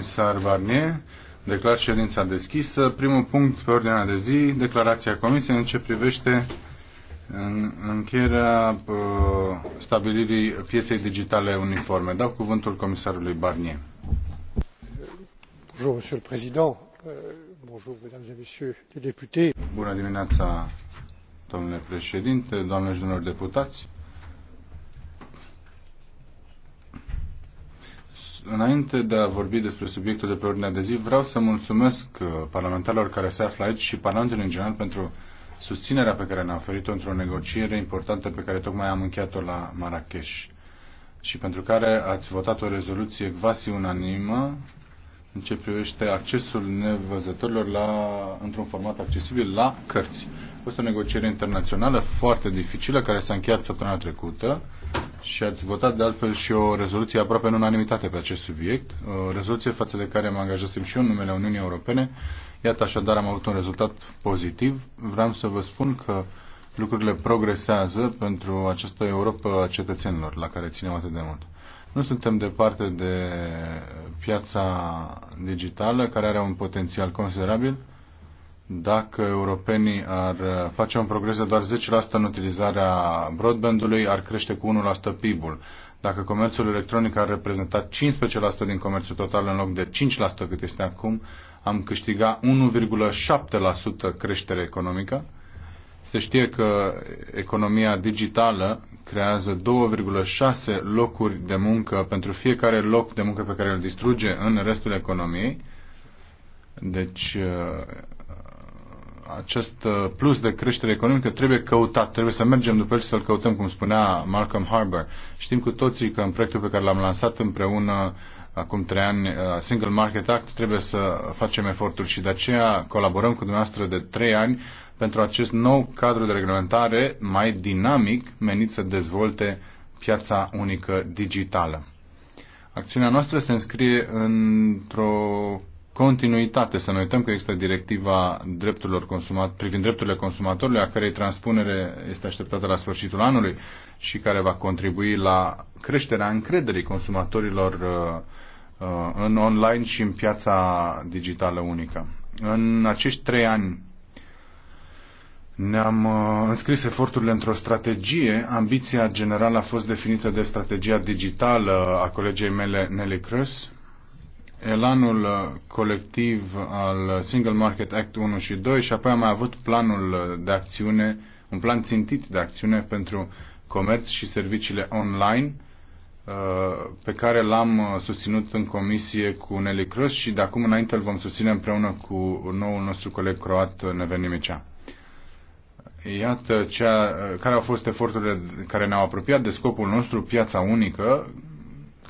comisar Barnier. Declar ședința deschisă. Primul punct pe ordinea de zi, declarația Comisiei în ce privește în încheierea uh, stabilirii pieței digitale uniforme. Dau cuvântul comisarului Barnier. Bonjour, monsieur le président. Euh, bonjour, mesdames et messieurs les députés. Bună dimineața, domnule președinte, doamne și domnilor deputați. Înainte de a vorbi despre subiectul de pe ordinea de zi, vreau să mulțumesc uh, parlamentarilor care se află aici și Parlamentului în general pentru susținerea pe care ne-a oferit-o într-o negociere importantă pe care tocmai am încheiat-o la Marrakesh și pentru care ați votat o rezoluție quasi unanimă în ce privește accesul nevăzătorilor la, într-un format accesibil la cărți. A fost o negociere internațională foarte dificilă care s-a încheiat săptămâna trecută și ați votat de altfel și o rezoluție aproape în unanimitate pe acest subiect, o rezoluție față de care mă angajasem și eu în numele Uniunii Europene. Iată, așadar, am avut un rezultat pozitiv. Vreau să vă spun că lucrurile progresează pentru această Europa a cetățenilor, la care ținem atât de mult. Nu suntem departe de piața digitală, care are un potențial considerabil dacă europenii ar face un progres de doar 10% în utilizarea broadbandului, ar crește cu 1% PIB-ul. Dacă comerțul electronic ar reprezenta 15% din comerțul total în loc de 5% cât este acum, am câștiga 1,7% creștere economică. Se știe că economia digitală creează 2,6 locuri de muncă pentru fiecare loc de muncă pe care îl distruge în restul economiei. Deci acest uh, plus de creștere economică trebuie căutat, trebuie să mergem după el și să-l căutăm, cum spunea Malcolm Harbour. Știm cu toții că în proiectul pe care l-am lansat împreună acum trei ani, uh, Single Market Act, trebuie să facem eforturi și de aceea colaborăm cu dumneavoastră de trei ani pentru acest nou cadru de reglementare mai dinamic menit să dezvolte piața unică digitală. Acțiunea noastră se înscrie într-o continuitate, să nu uităm că există directiva drepturilor consumat, privind drepturile consumatorilor, a cărei transpunere este așteptată la sfârșitul anului și care va contribui la creșterea încrederii consumatorilor uh, uh, în online și în piața digitală unică. În acești trei ani ne-am uh, înscris eforturile într-o strategie. Ambiția generală a fost definită de strategia digitală a colegei mele Nelly Cruz, elanul colectiv al Single Market Act 1 și 2 și apoi am mai avut planul de acțiune, un plan țintit de acțiune pentru comerț și serviciile online uh, pe care l-am uh, susținut în comisie cu Nelly Cruz și de acum înainte îl vom susține împreună cu noul nostru coleg croat uh, Neven Nimicea. Iată cea, care au fost eforturile care ne-au apropiat de scopul nostru, piața unică,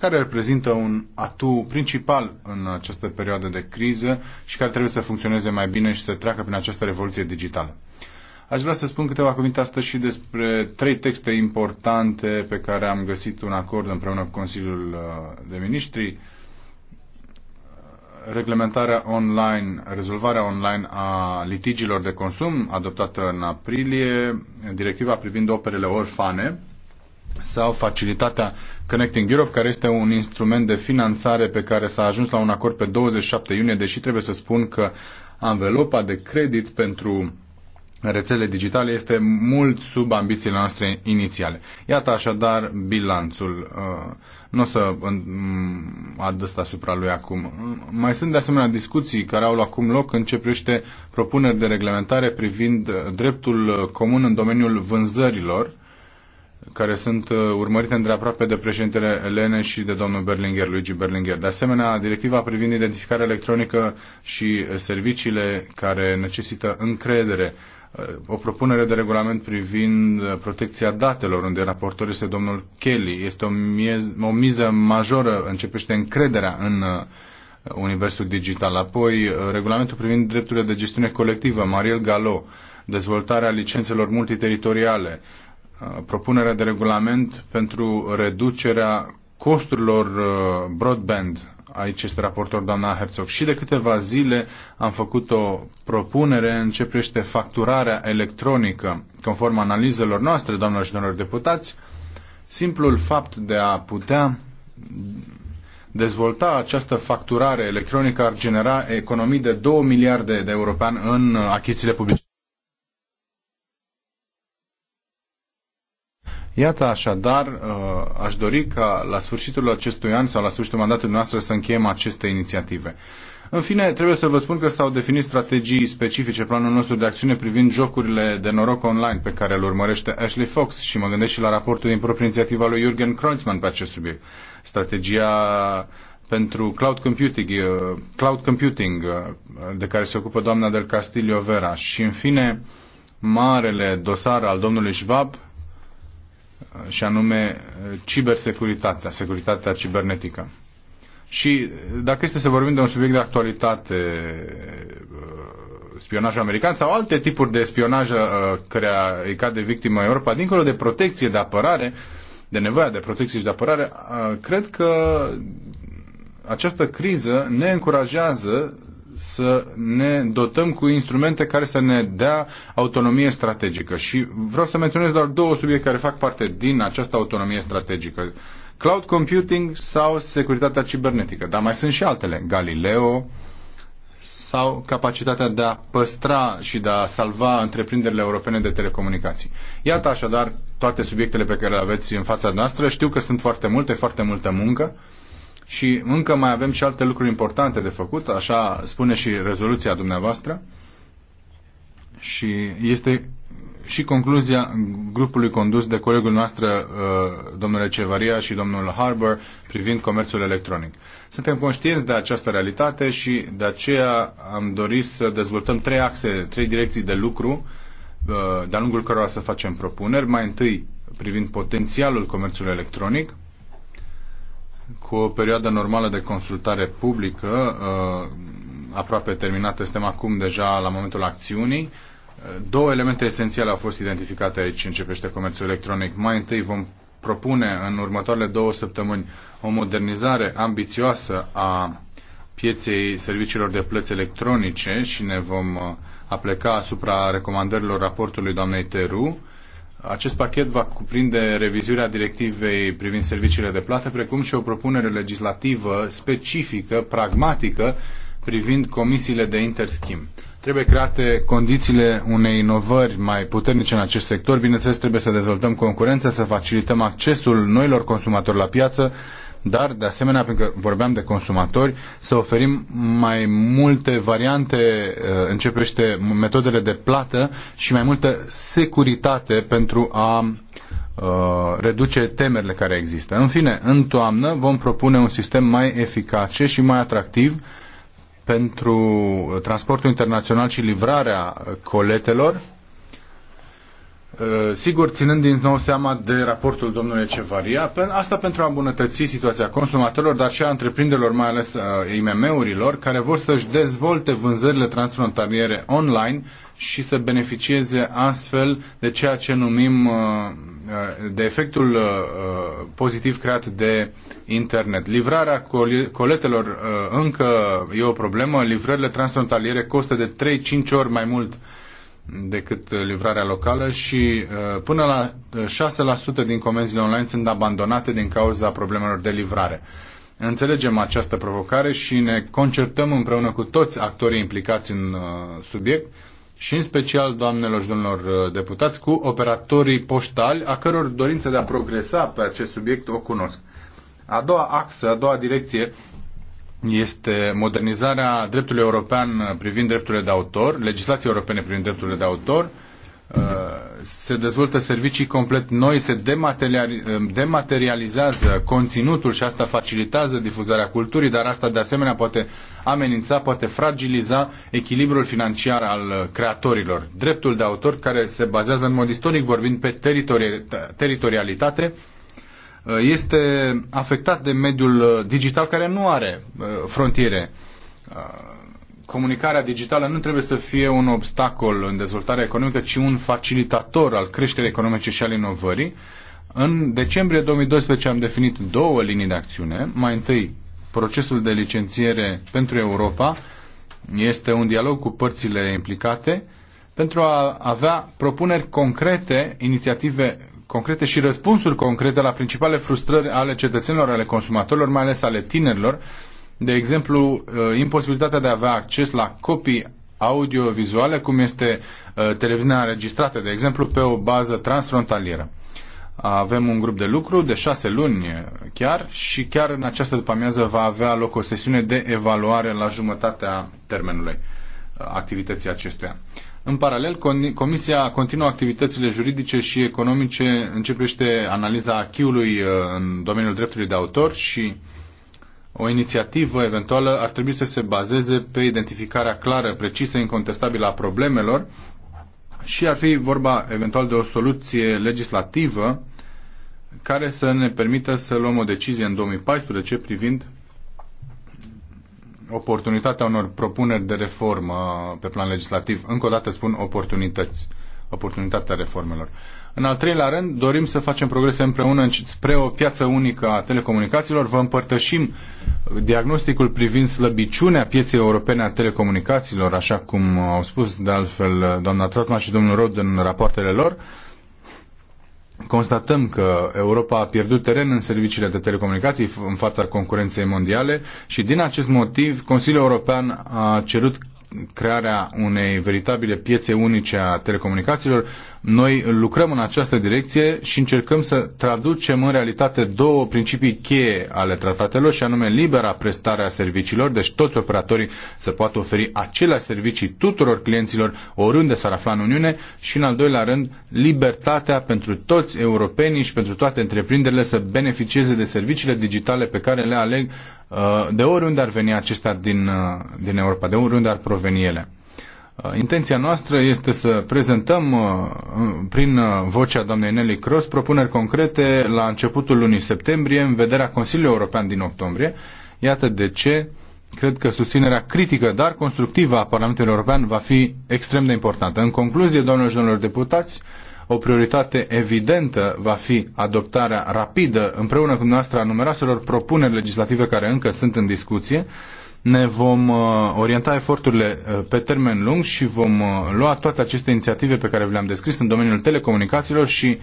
care reprezintă un atu principal în această perioadă de criză și care trebuie să funcționeze mai bine și să treacă prin această revoluție digitală. Aș vrea să spun câteva cuvinte astăzi și despre trei texte importante pe care am găsit un acord împreună cu Consiliul uh, de Ministri. Reglementarea online, rezolvarea online a litigilor de consum, adoptată în aprilie, directiva privind operele orfane sau facilitatea Connecting Europe, care este un instrument de finanțare pe care s-a ajuns la un acord pe 27 iunie, deși trebuie să spun că anvelopa de credit pentru rețele digitale este mult sub ambițiile noastre inițiale. Iată așadar bilanțul. Uh, nu o să mm, adăst asupra lui acum. Mai sunt de asemenea discuții care au acum loc în ce privește propuneri de reglementare privind dreptul comun în domeniul vânzărilor care sunt uh, urmărite îndeaproape de președintele Elene și de domnul Berlinger, Luigi Berlinger. De asemenea, directiva privind identificarea electronică și uh, serviciile care necesită încredere, uh, o propunere de regulament privind protecția datelor, unde raportor este domnul Kelly. Este o, miez, o miză majoră, începește încrederea în universul digital. Apoi, regulamentul privind drepturile de gestiune colectivă, Mariel Galo, dezvoltarea licențelor multiteritoriale, Uh, propunerea de regulament pentru reducerea costurilor uh, broadband. Aici este raportor doamna Herzog. Și de câteva zile am făcut o propunere în ce privește facturarea electronică, conform analizelor noastre, doamnelor și domnilor deputați. Simplul fapt de a putea dezvolta această facturare electronică ar genera economii de 2 miliarde de euro în uh, achizițiile publice. Iată așadar, uh, aș dori ca la sfârșitul acestui an sau la sfârșitul mandatului noastră să încheiem aceste inițiative. În fine, trebuie să vă spun că s-au definit strategii specifice planul nostru de acțiune privind jocurile de noroc online pe care îl urmărește Ashley Fox și mă gândesc și la raportul din propria inițiativă lui Jürgen Kreuzmann pe acest subiect. Strategia pentru cloud computing, uh, cloud computing uh, de care se ocupă doamna del Castillo Vera și în fine marele dosar al domnului Schwab și anume eh, cibersecuritatea, securitatea cibernetică. Și eh, dacă este să vorbim de un subiect de actualitate, eh, spionaj american sau alte tipuri de spionaj care îi cade victima Europa, dincolo de protecție, de apărare, de nevoia de protecție și de apărare, cred că această criză ne încurajează să ne dotăm cu instrumente care să ne dea autonomie strategică. Și vreau să menționez doar două subiecte care fac parte din această autonomie strategică. Cloud computing sau securitatea cibernetică. Dar mai sunt și altele. Galileo sau capacitatea de a păstra și de a salva întreprinderile europene de telecomunicații. Iată așadar toate subiectele pe care le aveți în fața noastră. Știu că sunt foarte multe, foarte multă muncă și încă mai avem și alte lucruri importante de făcut, așa spune și rezoluția dumneavoastră și este și concluzia grupului condus de colegul noastră, uh, domnule Cevaria și domnul Harbour, privind comerțul electronic. Suntem conștienți de această realitate și de aceea am dorit să dezvoltăm trei axe, trei direcții de lucru uh, de-a lungul cărora să facem propuneri. Mai întâi privind potențialul comerțului electronic, cu o perioadă normală de consultare publică, uh, aproape terminată, suntem acum deja la momentul acțiunii. Uh, două elemente esențiale au fost identificate aici în ce privește comerțul electronic. Mai întâi vom propune în următoarele două săptămâni o modernizare ambițioasă a pieței serviciilor de plăți electronice și ne vom uh, apleca asupra recomandărilor raportului doamnei Teru acest pachet va cuprinde revizuirea directivei privind serviciile de plată, precum și o propunere legislativă specifică, pragmatică, privind comisiile de interschimb. Trebuie create condițiile unei inovări mai puternice în acest sector. Bineînțeles, trebuie să dezvoltăm concurența, să facilităm accesul noilor consumatori la piață, dar de asemenea, pentru că vorbeam de consumatori, să oferim mai multe variante, uh, începește metodele de plată și mai multă securitate pentru a uh, reduce temerile care există. În fine, în toamnă vom propune un sistem mai eficace și mai atractiv pentru transportul internațional și livrarea coletelor Uh, sigur, ținând din nou seama de raportul domnului Cevaria, asta pentru a îmbunătăți situația consumatorilor, dar și a întreprinderilor, mai ales uh, IMM-urilor, care vor să-și dezvolte vânzările transfrontaliere online și să beneficieze astfel de ceea ce numim uh, de efectul pozitiv creat de internet. Livrarea coletelor încă e o problemă, livrările transfrontaliere costă de 3-5 ori mai mult decât livrarea locală și uh, până la 6% din comenzile online sunt abandonate din cauza problemelor de livrare. Înțelegem această provocare și ne concertăm împreună cu toți actorii implicați în uh, subiect și în special, doamnelor și domnilor uh, deputați, cu operatorii poștali, a căror dorință de a progresa pe acest subiect o cunosc. A doua axă, a doua direcție este modernizarea dreptului european privind drepturile de autor, legislației europene privind drepturile de autor, uh, se dezvoltă servicii complet noi, se uh, dematerializează conținutul și asta facilitează difuzarea culturii, dar asta de asemenea poate amenința, poate fragiliza echilibrul financiar al creatorilor. Dreptul de autor care se bazează în mod istoric vorbind pe teritori- teritorialitate Uh, este afectat de mediul uh, digital care nu are uh, frontiere. Comunicarea digitală nu trebuie să fie un obstacol în dezvoltarea economică, ci un facilitator al creșterii economice și al inovării. În decembrie 2012 am definit două linii de acțiune. Mai întâi, procesul de licențiere pentru Europa este un dialog cu părțile implicate pentru a avea propuneri concrete, inițiative concrete și răspunsuri concrete la principale frustrări ale cetățenilor, ale consumatorilor, mai ales ale tinerilor. De exemplu, uh, imposibilitatea de a avea acces la copii audio-vizuale, cum este uh, televiziunea înregistrată, de exemplu, pe o bază transfrontalieră. Avem un grup de lucru de șase luni uh, chiar și chiar în această după-amiază va avea loc o sesiune de evaluare la jumătatea termenului activității acestuia. În paralel, Comisia continuă activitățile juridice și economice, începește analiza achiului uh, în domeniul dreptului de autor și o inițiativă eventuală ar trebui să se bazeze pe identificarea clară, precisă, incontestabilă a problemelor și ar fi vorba eventual de o soluție legislativă care să ne permită să luăm o decizie în 2014 privind oportunitatea unor propuneri de reformă pe plan legislativ. Încă o dată spun oportunități, oportunitatea reformelor. În al treilea rând, dorim să facem progrese împreună spre o piață unică a telecomunicațiilor. Vă împărtășim diagnosticul privind slăbiciunea pieței europene a telecomunicațiilor, așa cum au spus de altfel doamna Trotman și domnul Rod în rapoartele lor constatăm că Europa a pierdut teren în serviciile de telecomunicații în fața concurenței mondiale și din acest motiv Consiliul European a cerut crearea unei veritabile piețe unice a telecomunicațiilor noi lucrăm în această direcție și încercăm să traducem în realitate două principii cheie ale tratatelor și anume libera prestare a serviciilor, deci toți operatorii să poată oferi aceleași servicii tuturor clienților oriunde s-ar afla în Uniune și în al doilea rând libertatea pentru toți europenii și pentru toate întreprinderile să beneficieze de serviciile digitale pe care le aleg uh, de oriunde ar veni acestea din, uh, din Europa, de oriunde ar proveni ele. Uh, intenția noastră este să prezentăm uh, prin uh, vocea doamnei Nelly Cross propuneri concrete la începutul lunii septembrie în vederea Consiliului European din octombrie. Iată de ce cred că susținerea critică, dar constructivă a Parlamentului European va fi extrem de importantă. În concluzie, doamnelor și domnilor deputați, o prioritate evidentă va fi adoptarea rapidă împreună cu noastră a numeroaselor propuneri legislative care încă sunt în discuție, ne vom uh, orienta eforturile uh, pe termen lung și vom uh, lua toate aceste inițiative pe care le-am descris în domeniul telecomunicațiilor și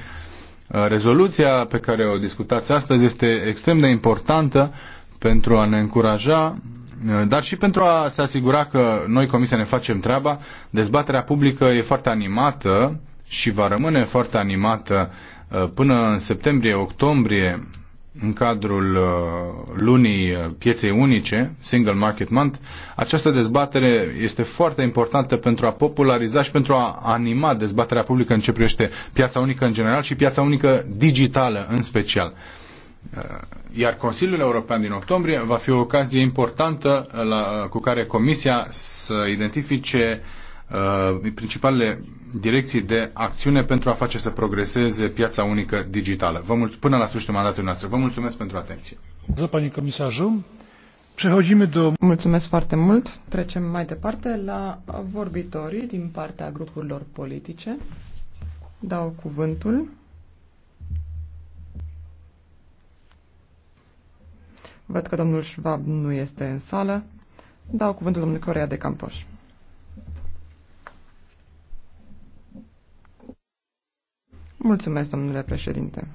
rezoluția pe care o discutați astăzi este extrem de importantă pentru a ne încuraja, dar și pentru a se asigura că noi, Comisia, ne facem treaba. Dezbaterea publică e foarte animată și va rămâne foarte animată până în septembrie, octombrie în cadrul uh, lunii uh, pieței unice, Single Market Month, această dezbatere este foarte importantă pentru a populariza și pentru a anima dezbaterea publică în ce privește piața unică în general și piața unică digitală în special. Uh, iar Consiliul European din octombrie va fi o ocazie importantă la, cu care Comisia să identifice uh, principalele direcții de acțiune pentru a face să progreseze piața unică digitală. Vă mulțumesc până la sfârșitul mandatului nostru. Vă mulțumesc pentru atenție. Mulțumesc foarte mult. Trecem mai departe la vorbitorii din partea grupurilor politice. Dau cuvântul. Văd că domnul Schwab nu este în sală. Dau cuvântul domnului Corea de Campoș. Mulțumesc, domnule președinte.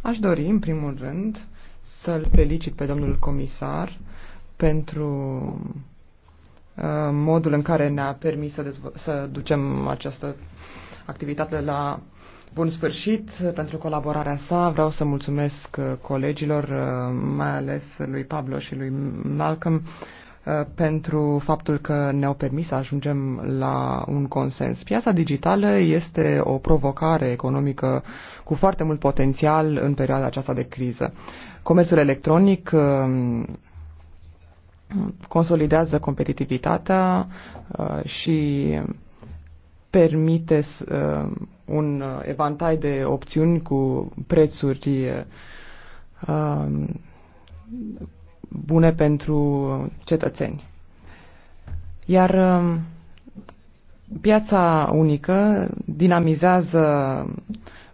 Aș dori, în primul rând, să-l felicit pe domnul comisar pentru uh, modul în care ne-a permis să, să ducem această activitate la bun sfârșit pentru colaborarea sa. Vreau să mulțumesc uh, colegilor, uh, mai ales lui Pablo și lui Malcolm, Uh, pentru faptul că ne-au permis să ajungem la un consens. Piața digitală este o provocare economică cu foarte mult potențial în perioada aceasta de criză. Comerțul electronic uh, consolidează competitivitatea uh, și permite un evantai de opțiuni cu prețuri bune pentru uh, cetățeni. Iar um, piața unică dinamizează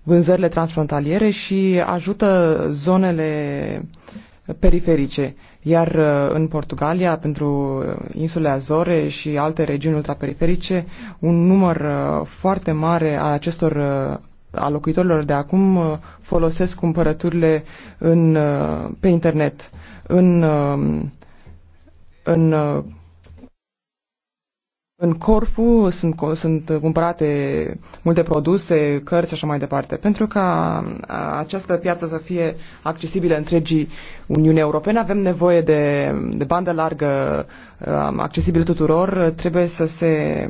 vânzările transfrontaliere și ajută zonele periferice. Iar uh, în Portugalia, pentru uh, insulele Azore și alte regiuni ultraperiferice, un număr foarte mare a acestor a locuitorilor de acum folosesc cumpărăturile în, pe internet în, um, în, uh, în Corfu sunt, sunt cumpărate multe produse, cărți și așa mai departe. Pentru ca uh, această piață să fie accesibilă întregii Uniunii Europene, avem nevoie de, de bandă largă um, accesibilă tuturor, trebuie să se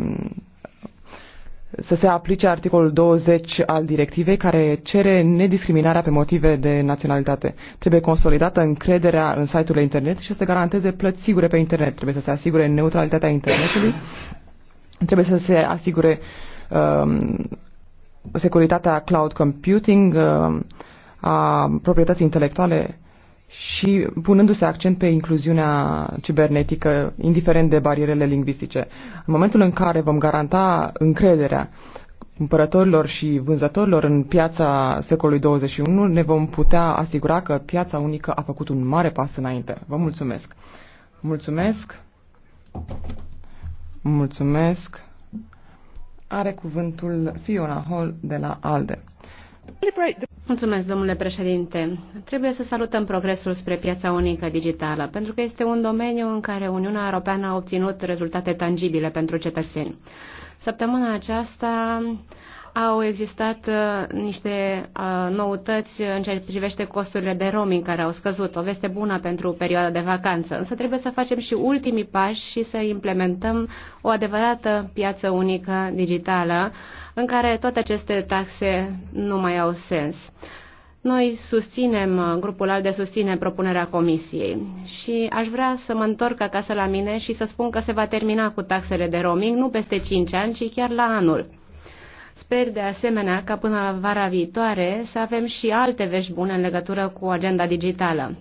să se aplice articolul 20 al directivei care cere nediscriminarea pe motive de naționalitate. Trebuie consolidată încrederea în site-urile internet și să se garanteze plăți sigure pe internet. Trebuie să se asigure neutralitatea internetului, trebuie să se asigure um, securitatea cloud computing, um, a proprietății intelectuale și punându-se accent pe incluziunea cibernetică, indiferent de barierele lingvistice. În momentul în care vom garanta încrederea cumpărătorilor și vânzătorilor în piața secolului 21, ne vom putea asigura că piața unică a făcut un mare pas înainte. Vă mulțumesc! Mulțumesc! Mulțumesc! Are cuvântul Fiona Hall de la ALDE. Mulțumesc, domnule președinte. Trebuie să salutăm progresul spre piața unică digitală, pentru că este un domeniu în care Uniunea Europeană a obținut rezultate tangibile pentru cetățeni. Săptămâna aceasta au existat uh, niște uh, noutăți în ce privește costurile de roaming care au scăzut, o veste bună pentru perioada de vacanță, însă trebuie să facem și ultimii pași și să implementăm o adevărată piață unică digitală în care toate aceste taxe nu mai au sens. Noi susținem, uh, grupul ALDE susține propunerea comisiei și aș vrea să mă întorc acasă la mine și să spun că se va termina cu taxele de roaming nu peste 5 ani, ci chiar la anul. Sper de asemenea ca până vara viitoare să avem și alte vești bune în legătură cu agenda digitală.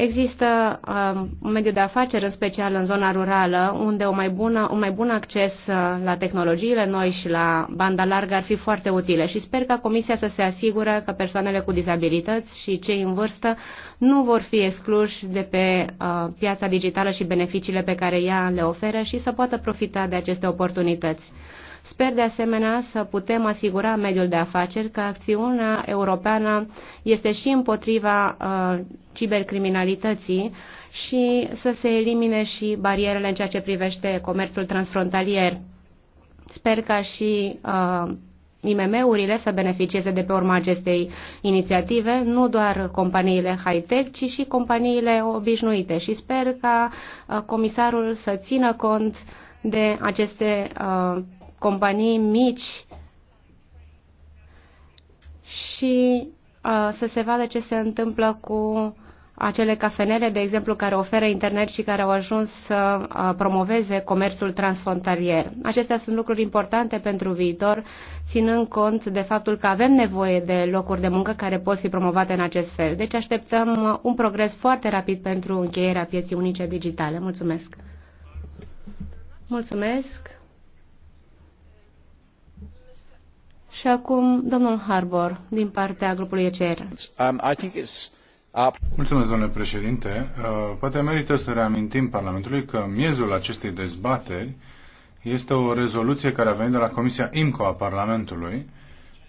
Există uh, un mediu de afaceri, în special în zona rurală, unde o mai bună, un mai bun acces uh, la tehnologiile noi și la banda largă ar fi foarte utile și sper ca Comisia să se asigură că persoanele cu dizabilități și cei în vârstă nu vor fi excluși de pe uh, piața digitală și beneficiile pe care ea le oferă și să poată profita de aceste oportunități. Sper de asemenea să putem asigura mediul de afaceri că acțiunea europeană este și împotriva uh, cibercriminalității și să se elimine și barierele în ceea ce privește comerțul transfrontalier. Sper ca și uh, IMM-urile să beneficieze de pe urma acestei inițiative, nu doar companiile high-tech, ci și companiile obișnuite și sper ca uh, comisarul să țină cont de aceste uh, companii mici și uh, să se vadă ce se întâmplă cu acele cafenele, de exemplu, care oferă internet și care au ajuns să uh, promoveze comerțul transfrontalier. Acestea sunt lucruri importante pentru viitor, ținând cont de faptul că avem nevoie de locuri de muncă care pot fi promovate în acest fel. Deci așteptăm uh, un progres foarte rapid pentru încheierea pieții unice digitale. Mulțumesc! Mulțumesc! Și acum domnul Harbour, din partea grupului ECR. Um, I think it's... Uh, Mulțumesc, domnule președinte. Uh, poate merită să reamintim Parlamentului că miezul acestei dezbateri este o rezoluție care a venit de la Comisia IMCO a Parlamentului,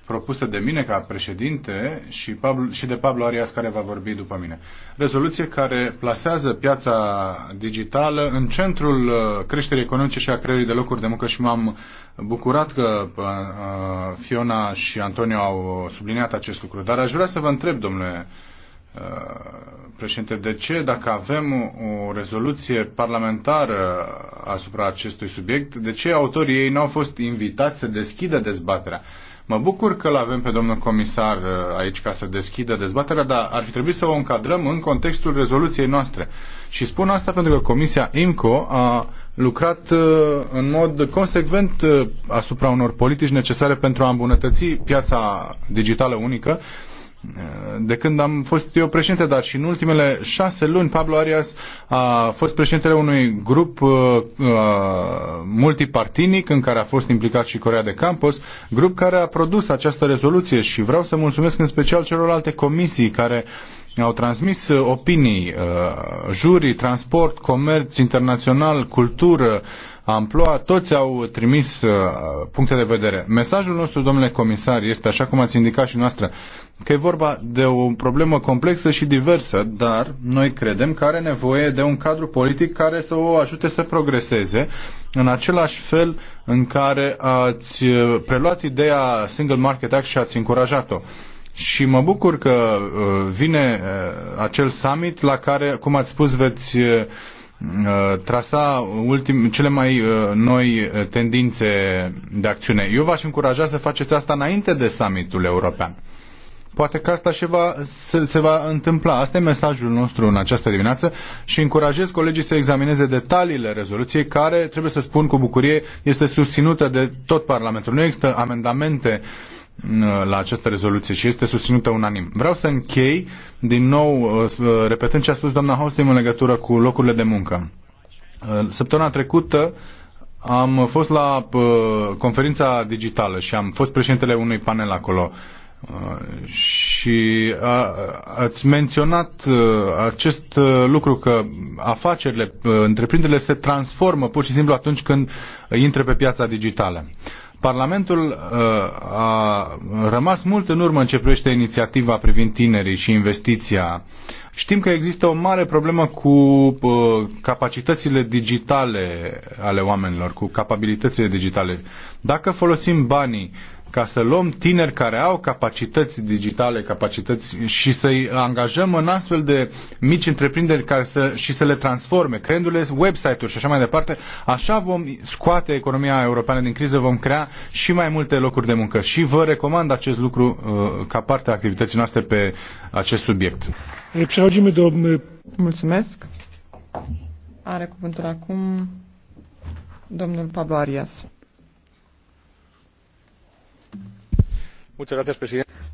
propusă de mine ca președinte și, Pablo, și de Pablo Arias care va vorbi după mine. Rezoluție care plasează piața digitală în centrul uh, creșterii economice și a creării de locuri de muncă și m-am bucurat că uh, uh, Fiona și Antonio au subliniat acest lucru, dar aș vrea să vă întreb, domnule uh, președinte, de ce, dacă avem o rezoluție parlamentară asupra acestui subiect, de ce autorii ei nu au fost invitați să deschidă dezbaterea? Mă bucur că l avem pe domnul comisar aici ca să deschidă dezbaterea, dar ar fi trebuit să o încadrăm în contextul rezoluției noastre. Și spun asta pentru că Comisia IMCO a lucrat uh, în mod consecvent uh, asupra unor politici necesare pentru a îmbunătăți piața digitală unică. Uh, de când am fost eu președinte, dar și în ultimele șase luni, Pablo Arias a fost președintele unui grup uh, multipartinic în care a fost implicat și Corea de Campos, grup care a produs această rezoluție și vreau să mulțumesc în special celorlalte comisii care uh, au transmis uh, opinii, uh, jurii, transport, comerț internațional, cultură, amploa, toți au trimis uh, puncte de vedere. Mesajul nostru, domnule comisar, este, așa cum ați indicat și noastră, că e vorba de o problemă complexă și diversă, dar noi credem că are nevoie de un cadru politic care să o ajute să progreseze, în același fel în care ați preluat ideea Single Market Act și ați încurajat-o și mă bucur că uh, vine uh, acel summit la care, cum ați spus, veți uh, trasa ultim, cele mai noi tendințe de acțiune. Eu v-aș încuraja să faceți asta înainte de summitul european. Poate că asta se va, se, se va întâmpla. Asta e mesajul nostru în această dimineață și încurajez colegii să examineze detaliile rezoluției care, trebuie să spun cu bucurie, este susținută de tot Parlamentul. Nu există amendamente uh, Uh, la această rezoluție și este susținută unanim. Vreau să închei din nou uh, uh, repetând ce a spus doamna Haustim în legătură cu locurile de muncă. Săptămâna trecută am fost la conferința digitală și am fost președintele unui panel acolo. Și a, ați menționat acest lucru că afacerile, întreprinderile se transformă pur și simplu atunci când intre pe piața digitală. Parlamentul uh, a rămas mult în urmă în ce privește inițiativa privind tinerii și investiția. Știm că există o mare problemă cu uh, capacitățile digitale ale oamenilor, cu capabilitățile digitale. Dacă folosim banii ca să luăm tineri care au capacități digitale, capacități și să-i angajăm în astfel de mici întreprinderi care să, și să le transforme, creându-le website-uri și așa mai departe, așa vom scoate economia europeană din criză, vom crea și mai multe locuri de muncă. Și vă recomand acest lucru uh, ca parte a activității noastre pe acest subiect. Eh, Mulțumesc. Are cuvântul acum domnul Pablo Arias.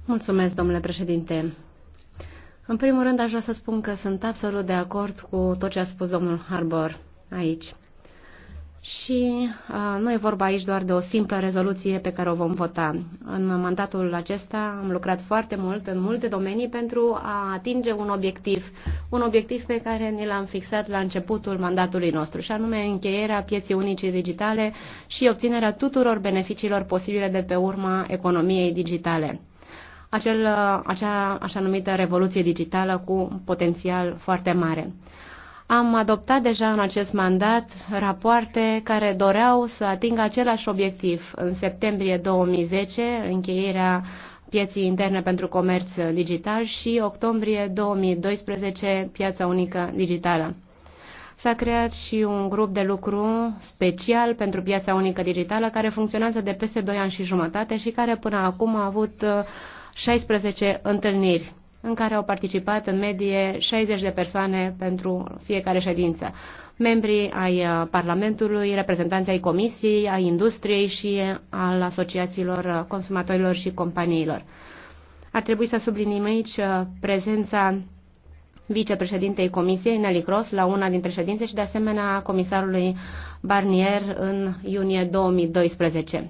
Mulțumesc, domnule președinte. În primul rând, aș vrea să spun că sunt absolut de acord cu tot ce a spus domnul Harbour aici. Și uh, nu e vorba aici doar de o simplă rezoluție pe care o vom vota. În mandatul acesta am lucrat foarte mult în multe domenii pentru a atinge un obiectiv, un obiectiv pe care ni l-am fixat la începutul mandatului nostru, și anume încheierea pieții unice digitale și obținerea tuturor beneficiilor posibile de pe urma economiei digitale. Acel, acea așa numită revoluție digitală cu un potențial foarte mare. Am adoptat deja în acest mandat rapoarte care doreau să atingă același obiectiv. În septembrie 2010, încheierea pieții interne pentru comerț digital și octombrie 2012, piața unică digitală. S-a creat și un grup de lucru special pentru piața unică digitală care funcționează de peste 2 ani și jumătate și care până acum a avut 16 întâlniri în care au participat în medie 60 de persoane pentru fiecare ședință. Membrii ai uh, Parlamentului, reprezentanții ai Comisiei, ai Industriei și al asociațiilor uh, consumatorilor și companiilor. Ar trebui să subliniem aici uh, prezența vicepreședintei Comisiei, Nelly Cross, la una dintre ședințe și de asemenea comisarului Barnier în iunie 2012.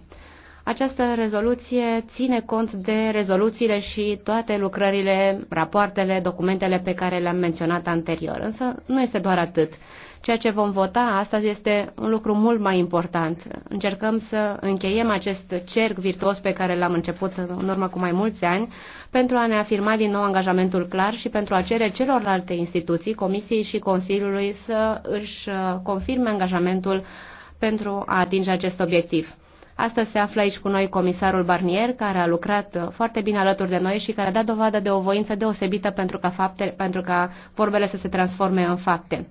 Această rezoluție ține cont de rezoluțiile și toate lucrările, rapoartele, documentele pe care le-am menționat anterior. Însă nu este doar atât. Ceea ce vom vota astăzi este un lucru mult mai important. Încercăm să încheiem acest cerc virtuos pe care l-am început în urmă cu mai mulți ani pentru a ne afirma din nou angajamentul clar și pentru a cere celorlalte instituții, Comisiei și Consiliului, să își confirme angajamentul pentru a atinge acest obiectiv. Astăzi se află aici cu noi comisarul Barnier, care a lucrat uh, foarte bine alături de noi și care a dat dovadă de o voință deosebită pentru ca, fapte, pentru ca vorbele să se transforme în fapte.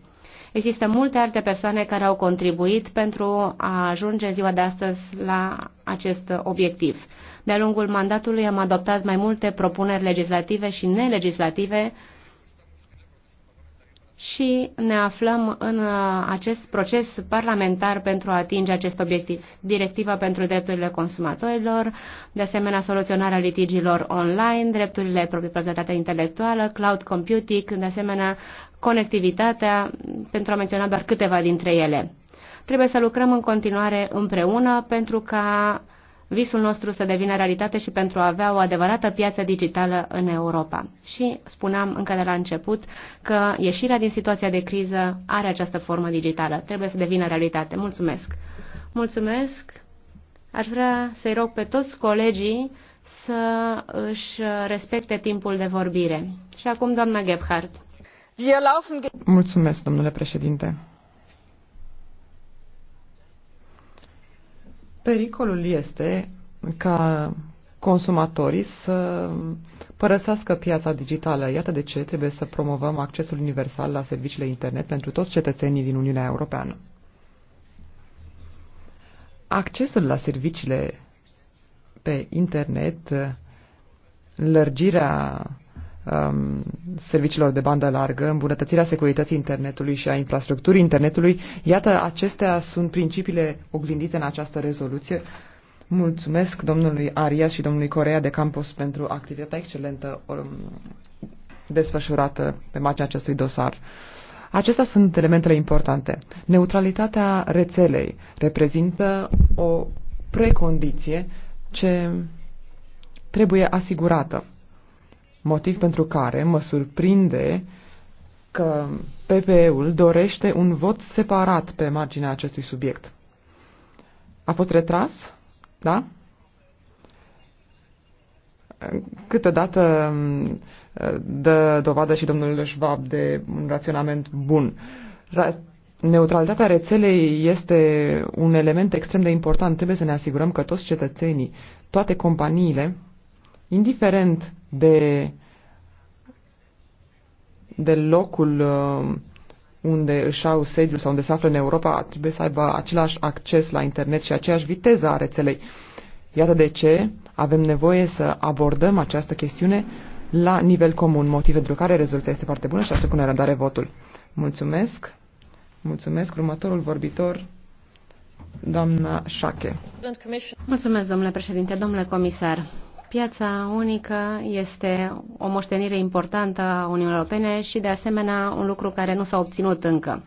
Există multe alte persoane care au contribuit pentru a ajunge ziua de astăzi la acest uh, obiectiv. De-a lungul mandatului am adoptat mai multe propuneri legislative și nelegislative și ne aflăm în uh, acest proces parlamentar pentru a atinge acest obiectiv. Directiva pentru drepturile consumatorilor, de asemenea soluționarea litigiilor online, drepturile proprietate intelectuală, cloud computing, de asemenea conectivitatea, pentru a menționa doar câteva dintre ele. Trebuie să lucrăm în continuare împreună pentru ca visul nostru să devină realitate și pentru a avea o adevărată piață digitală în Europa. Și spuneam încă de la început că ieșirea din situația de criză are această formă digitală. Trebuie să devină realitate. Mulțumesc! Mulțumesc! Aș vrea să-i rog pe toți colegii să își respecte timpul de vorbire. Și acum, doamna Gebhardt. Mulțumesc, domnule președinte. Pericolul este ca consumatorii să părăsească piața digitală. Iată de ce trebuie să promovăm accesul universal la serviciile internet pentru toți cetățenii din Uniunea Europeană. Accesul la serviciile pe internet, lărgirea um, serviciilor de bandă largă, îmbunătățirea securității internetului și a infrastructurii internetului. Iată, acestea sunt principiile oglindite în această rezoluție. Mulțumesc domnului Arias și domnului Corea de Campos pentru activitatea excelentă um, desfășurată pe marginea acestui dosar. Acestea sunt elementele importante. Neutralitatea rețelei reprezintă o precondiție ce trebuie asigurată motiv pentru care mă surprinde că PPE-ul dorește un vot separat pe marginea acestui subiect. A fost retras? Da? Câteodată mm, dă dovadă și domnul Schwab de un raționament bun. Ra- Neutralitatea rețelei este un element extrem de important. Trebuie să ne asigurăm că toți cetățenii, toate companiile, indiferent de, de locul uh, unde își au sediul sau unde se află în Europa, trebuie să aibă același acces la internet și aceeași viteză a rețelei. Iată de ce avem nevoie să abordăm această chestiune la nivel comun, motiv pentru care rezoluția este foarte bună și aștept cu nerăbdare votul. Mulțumesc! Mulțumesc! Următorul vorbitor, doamna Șache. Mulțumesc, domnule președinte, domnule comisar. Piața unică este o moștenire importantă a Uniunii Europene și, de asemenea, un lucru care nu s-a obținut încă.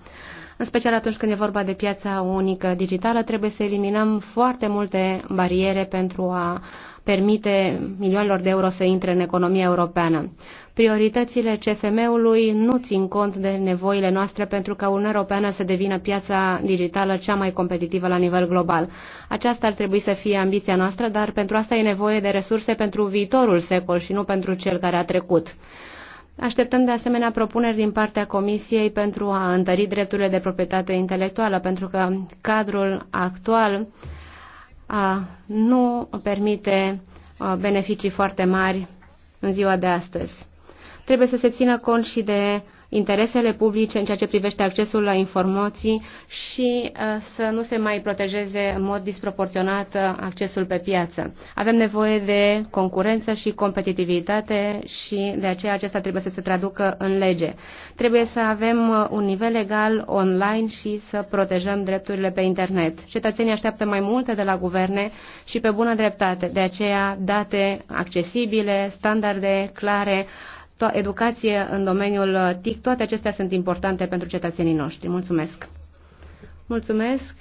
În special atunci când e vorba de piața unică digitală, trebuie să eliminăm foarte multe bariere pentru a permite milioanelor de euro să intre în economia europeană. Prioritățile CFM-ului nu țin cont de nevoile noastre pentru ca Uniunea Europeană să devină piața digitală cea mai competitivă la nivel global. Aceasta ar trebui să fie ambiția noastră, dar pentru asta e nevoie de resurse pentru viitorul secol și nu pentru cel care a trecut. Așteptăm de asemenea propuneri din partea Comisiei pentru a întări drepturile de proprietate intelectuală, pentru că cadrul actual a, nu permite a, beneficii foarte mari în ziua de astăzi trebuie să se țină cont și de interesele publice în ceea ce privește accesul la informații și uh, să nu se mai protejeze în mod disproporționat uh, accesul pe piață. Avem nevoie de concurență și competitivitate și de aceea acesta trebuie să se traducă în lege. Trebuie să avem uh, un nivel legal online și să protejăm drepturile pe internet. Cetățenii așteaptă mai multe de la guverne și pe bună dreptate. De aceea date accesibile, standarde clare, to educație în domeniul uh, TIC, toate acestea sunt importante pentru cetățenii noștri. Mulțumesc! Mulțumesc!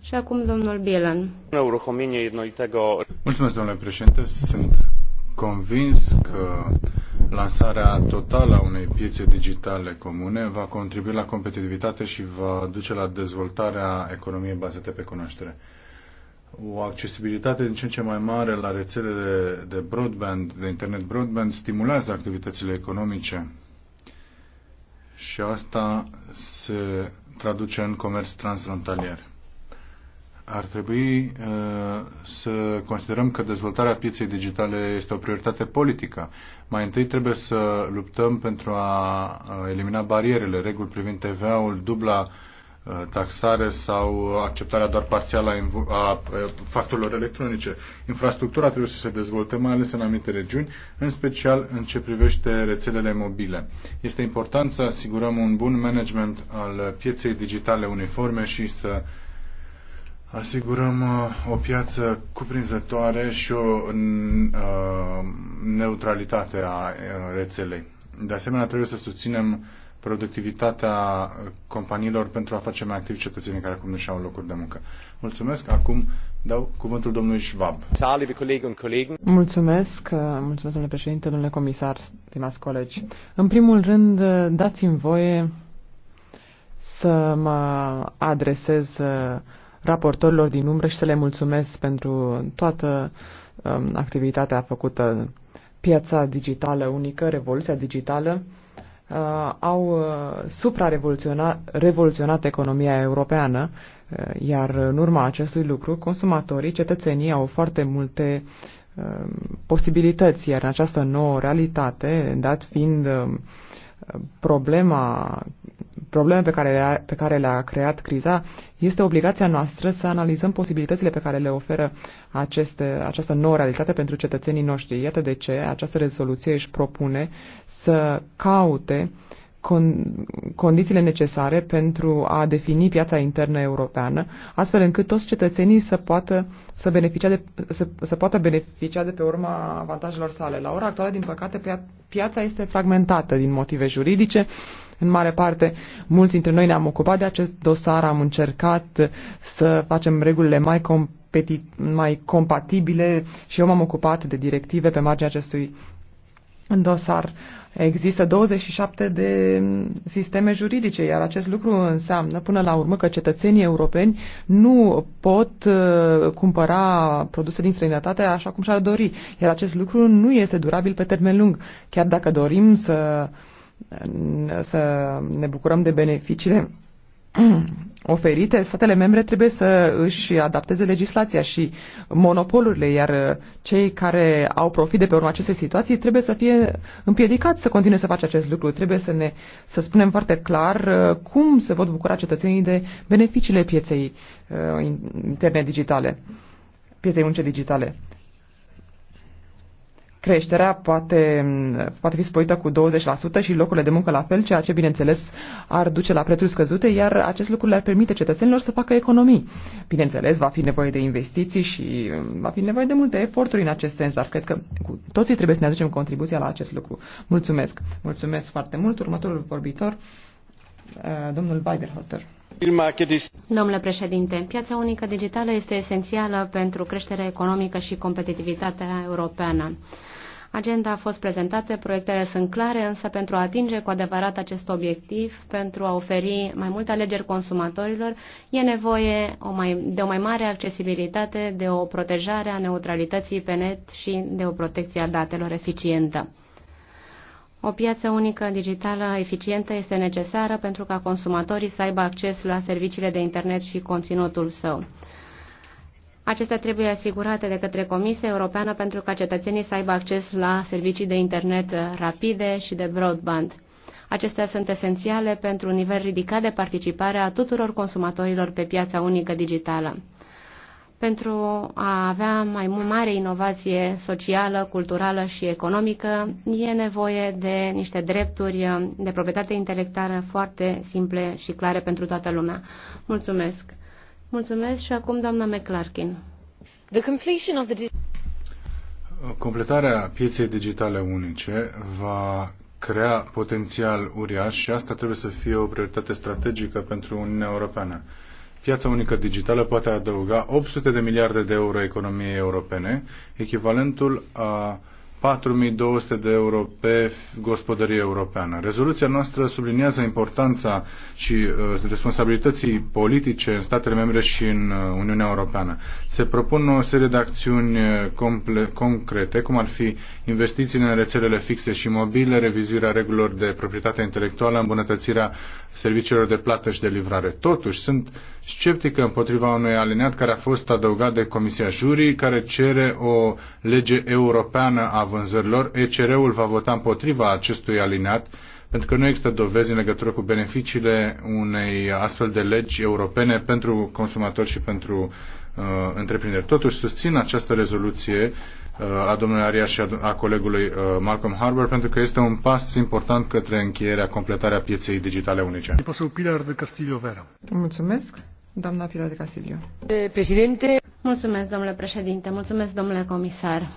Și acum domnul Bielan. Mulțumesc, domnule președinte. Sunt convins că lansarea totală a unei piețe digitale comune va contribui la competitivitate și va duce la dezvoltarea economiei bazate pe cunoaștere o accesibilitate din ce în ce mai mare la rețelele de broadband, de internet broadband, stimulează activitățile economice și asta se traduce în comerț transfrontalier. Ar trebui uh, să considerăm că dezvoltarea pieței digitale este o prioritate politică. Mai întâi trebuie să luptăm pentru a elimina barierele, reguli privind TVA-ul, dubla Uh, taxare sau acceptarea doar parțială a uh, facturilor electronice. Infrastructura trebuie să se dezvolte, mai ales în anumite regiuni, în special în ce privește rețelele mobile. Este important să asigurăm un bun management al pieței digitale uniforme și să asigurăm uh, o piață cuprinzătoare și o neutralitate a rețelei. De asemenea, trebuie să susținem productivitatea companiilor pentru a face mai activi cetățenii care acum nu și-au locuri de muncă. Mulțumesc. Acum dau cuvântul domnului Schwab. Mulțumesc, uh, mulțumesc domnule președinte, domnule comisar, stimați colegi. În primul rând, uh, dați-mi voie să mă adresez uh, raportorilor din umbră și să le mulțumesc pentru toată um, activitatea făcută. Piața digitală unică, revoluția digitală, uh, au uh, suprarevoluționat revoluționat economia europeană, uh, iar în urma acestui lucru, consumatorii, cetățenii au foarte multe uh, posibilități, iar în această nouă realitate, dat fiind uh, problema, probleme pe care, le-a, pe care le-a creat criza, este obligația noastră să analizăm posibilitățile pe care le oferă aceste, această nouă realitate pentru cetățenii noștri. Iată de ce această rezoluție își propune să caute uh, con- condițiile necesare pentru a defini piața internă europeană, astfel încât toți cetățenii să poată, să beneficia de, să, să poată beneficia de pe urma avantajelor sale. La ora actuală, din păcate, piața este fragmentată din motive juridice. În mare parte, mulți dintre noi ne-am ocupat de acest dosar, am încercat să facem regulile mai competitive mai compatibile și eu m-am ocupat de directive pe marginea acestui în dosar. Există 27 de sisteme juridice, iar acest lucru înseamnă până la urmă că cetățenii europeni nu pot uh, cumpăra produse din străinătate așa cum și-ar dori, iar acest lucru nu este durabil pe termen lung. Chiar dacă dorim să, să ne bucurăm de beneficiile oferite, statele membre trebuie să își adapteze legislația și monopolurile, iar uh, cei care au profit de pe urma acestei situații trebuie să fie împiedicați să continue să facă acest lucru. Trebuie să ne să spunem foarte clar uh, cum se pot bucura cetățenii de beneficiile pieței uh, interne digitale, pieței muncii digitale creșterea poate, poate fi spoită cu 20% și locurile de muncă la fel, ceea ce, bineînțeles, ar duce la prețuri scăzute, iar acest lucru le-ar permite cetățenilor să facă economii. Bineînțeles, va fi nevoie de investiții și mm, va fi nevoie de multe eforturi în acest sens, dar cred că cu toții trebuie să ne aducem contribuția la acest lucru. Mulțumesc! Mulțumesc foarte mult! Următorul vorbitor, uh, domnul Biderhalter. Domnule președinte, piața unică digitală este esențială pentru creșterea economică și competitivitatea europeană. Agenda a fost prezentată, proiectele sunt clare, însă pentru a atinge cu adevărat acest obiectiv, pentru a oferi mai multe alegeri consumatorilor, e nevoie o mai, de o mai mare accesibilitate, de o protejare a neutralității pe net și de o protecție a datelor eficientă. O piață unică digitală eficientă este necesară pentru ca consumatorii să aibă acces la serviciile de internet și conținutul său. Acestea trebuie asigurate de către Comisia Europeană pentru ca cetățenii să aibă acces la servicii de internet rapide și de broadband. Acestea sunt esențiale pentru un nivel ridicat de participare a tuturor consumatorilor pe piața unică digitală. Pentru a avea mai mare inovație socială, culturală și economică, e nevoie de niște drepturi de proprietate intelectuală foarte simple și clare pentru toată lumea. Mulțumesc! Mulțumesc și acum doamna McClarkin. The completion of the... Completarea pieței digitale unice va crea potențial uriaș și asta trebuie să fie o prioritate strategică pentru Uniunea Europeană. Piața unică digitală poate adăuga 800 de miliarde de euro economiei europene, echivalentul a 4200 de euro pe gospodărie europeană. Rezoluția noastră subliniază importanța și uh, responsabilității politice în statele membre și în uh, Uniunea Europeană. Se propun o serie de acțiuni uh, concrete, cum ar fi investițiile în rețelele fixe și mobile, revizuirea regulilor de proprietate intelectuală, îmbunătățirea serviciilor de plată și de livrare. Totuși, sunt sceptică împotriva unui aliniat care a fost adăugat de Comisia Jurii, care cere o lege europeană a vânzărilor. ECR-ul va vota împotriva acestui alineat pentru că nu există dovezi în legătură cu beneficiile unei astfel de legi europene pentru consumatori și pentru uh, întreprinderi. Totuși susțin această rezoluție uh, a domnului Aria și a, a colegului uh, Malcolm Harbour pentru că este un pas important către încheierea, completarea pieței digitale unice. de Vera. Mulțumesc. Doamna Pilar de Castillo. Președinte. Mulțumesc, domnule președinte. Mulțumesc, domnule comisar.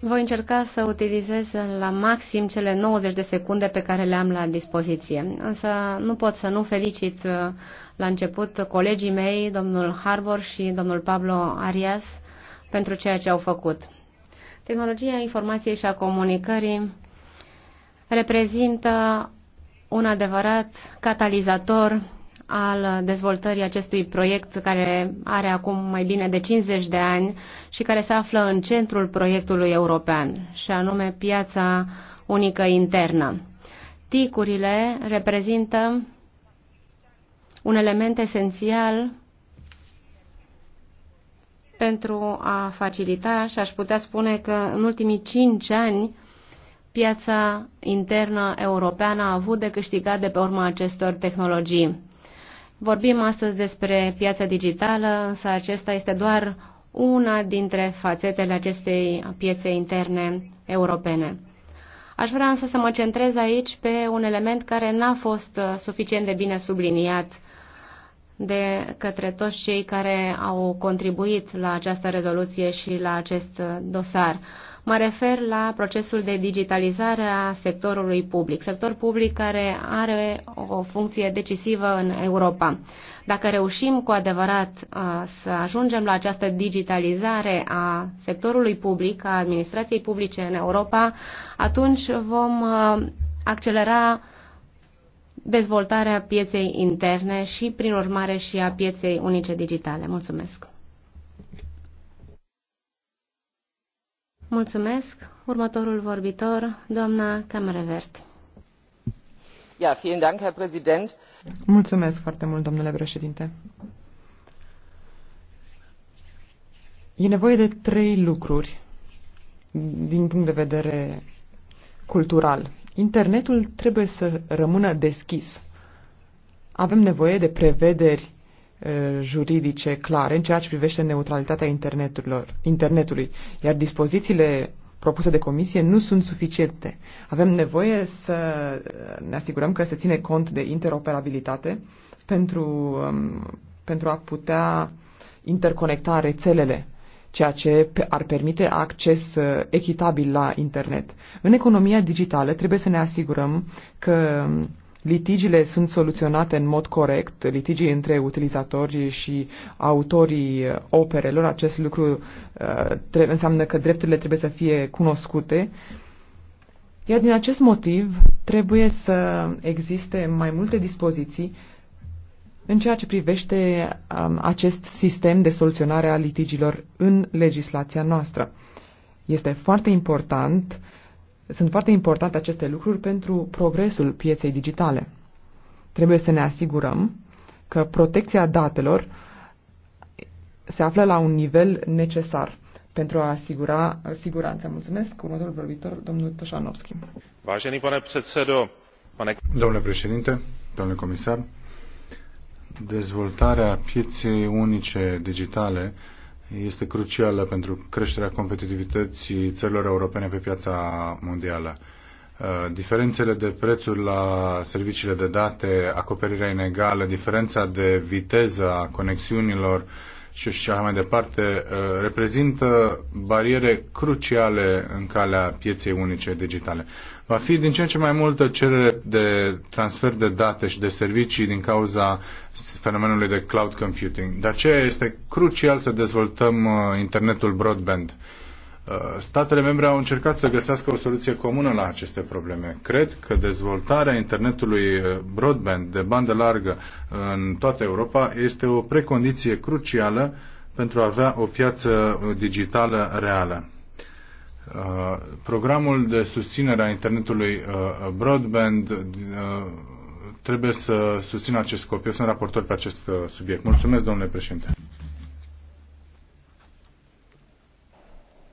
Voi încerca să utilizez la maxim cele 90 de secunde pe care le am la dispoziție. Însă nu pot să nu felicit uh, la început colegii mei, domnul Harbour și domnul Pablo Arias, pentru ceea ce au făcut. Tehnologia informației și a comunicării reprezintă un adevărat catalizator al dezvoltării acestui proiect care are acum mai bine de 50 de ani și care se află în centrul proiectului european, și anume piața unică internă. Ticurile reprezintă un element esențial pentru a facilita și aș putea spune că în ultimii cinci ani piața internă europeană a avut de câștigat de pe urma acestor tehnologii. Vorbim astăzi despre piața digitală, însă acesta este doar una dintre fațetele acestei piețe interne europene. Aș vrea însă să mă centrez aici pe un element care n-a fost suficient de bine subliniat de către toți cei care au contribuit la această rezoluție și la acest dosar. Mă refer la procesul de digitalizare a sectorului public, sector public care are o funcție decisivă în Europa. Dacă reușim cu adevărat uh, să ajungem la această digitalizare a sectorului public, a administrației publice în Europa, atunci vom uh, accelera dezvoltarea pieței interne și, prin urmare, și a pieței unice digitale. Mulțumesc! Mulțumesc. Următorul vorbitor, doamna Camerevert. Ja, vielen Dank, Herr Präsident. Mulțumesc foarte mult, domnule președinte. E nevoie de trei lucruri din punct de vedere cultural. Internetul trebuie să rămână deschis. Avem nevoie de prevederi Eh, juridice clare în ceea ce privește neutralitatea interneturilor, internetului, iar dispozițiile propuse de comisie nu sunt suficiente. Avem nevoie să eh, ne asigurăm că se ține cont de interoperabilitate pentru, um, pentru a putea interconecta rețelele, ceea ce ar permite acces eh, echitabil la internet. În economia digitală trebuie să ne asigurăm că litigiile sunt soluționate în mod corect, litigii între utilizatorii și autorii operelor, acest lucru uh, înseamnă că drepturile trebuie să fie cunoscute. Iar din acest motiv trebuie să existe mai multe dispoziții în ceea ce privește um, acest sistem de soluționare a litigilor în legislația noastră. Este foarte important sunt foarte importante aceste lucruri pentru progresul pieței digitale. Trebuie să ne asigurăm că protecția datelor se află la un nivel necesar pentru a asigura siguranța. Mulțumesc. Următorul vorbitor, domnul Toșanovski. Vážený pane předsedo, pane... Domnule președinte, domnule comisar, dezvoltarea pieței unice digitale este crucială pentru creșterea competitivității țărilor europene pe piața mondială. Uh, diferențele de prețuri la serviciile de date, acoperirea inegală, diferența de viteză a conexiunilor, și așa mai departe, uh, reprezintă bariere cruciale în calea pieței unice digitale. Va fi din ce în ce mai multă cerere de transfer de date și de servicii din cauza fenomenului de cloud computing. De aceea este crucial să dezvoltăm uh, internetul broadband Uh, statele membre au încercat să găsească o soluție comună la aceste probleme. Cred că dezvoltarea internetului uh, broadband de bandă largă uh, în toată Europa este o precondiție crucială pentru a avea o piață digitală reală. Programul de susținere a internetului broadband trebuie să susțină acest scop. Eu sunt raportor pe acest subiect. Mulțumesc, domnule președinte.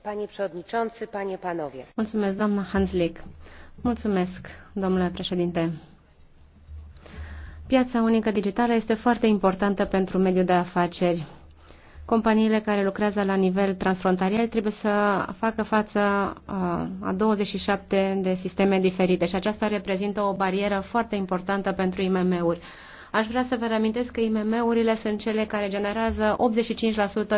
Panie przewodniczący, panie panowie. Mulțumesc, doamna Hanslik. Mulțumesc, domnule președinte. Piața unică digitală este foarte importantă pentru mediul de afaceri. Companiile care lucrează la nivel transfrontalier trebuie să facă față uh, a 27 de sisteme diferite și aceasta reprezintă o barieră foarte importantă pentru IMM-uri. Aș vrea să vă reamintesc că IMM-urile sunt cele care generează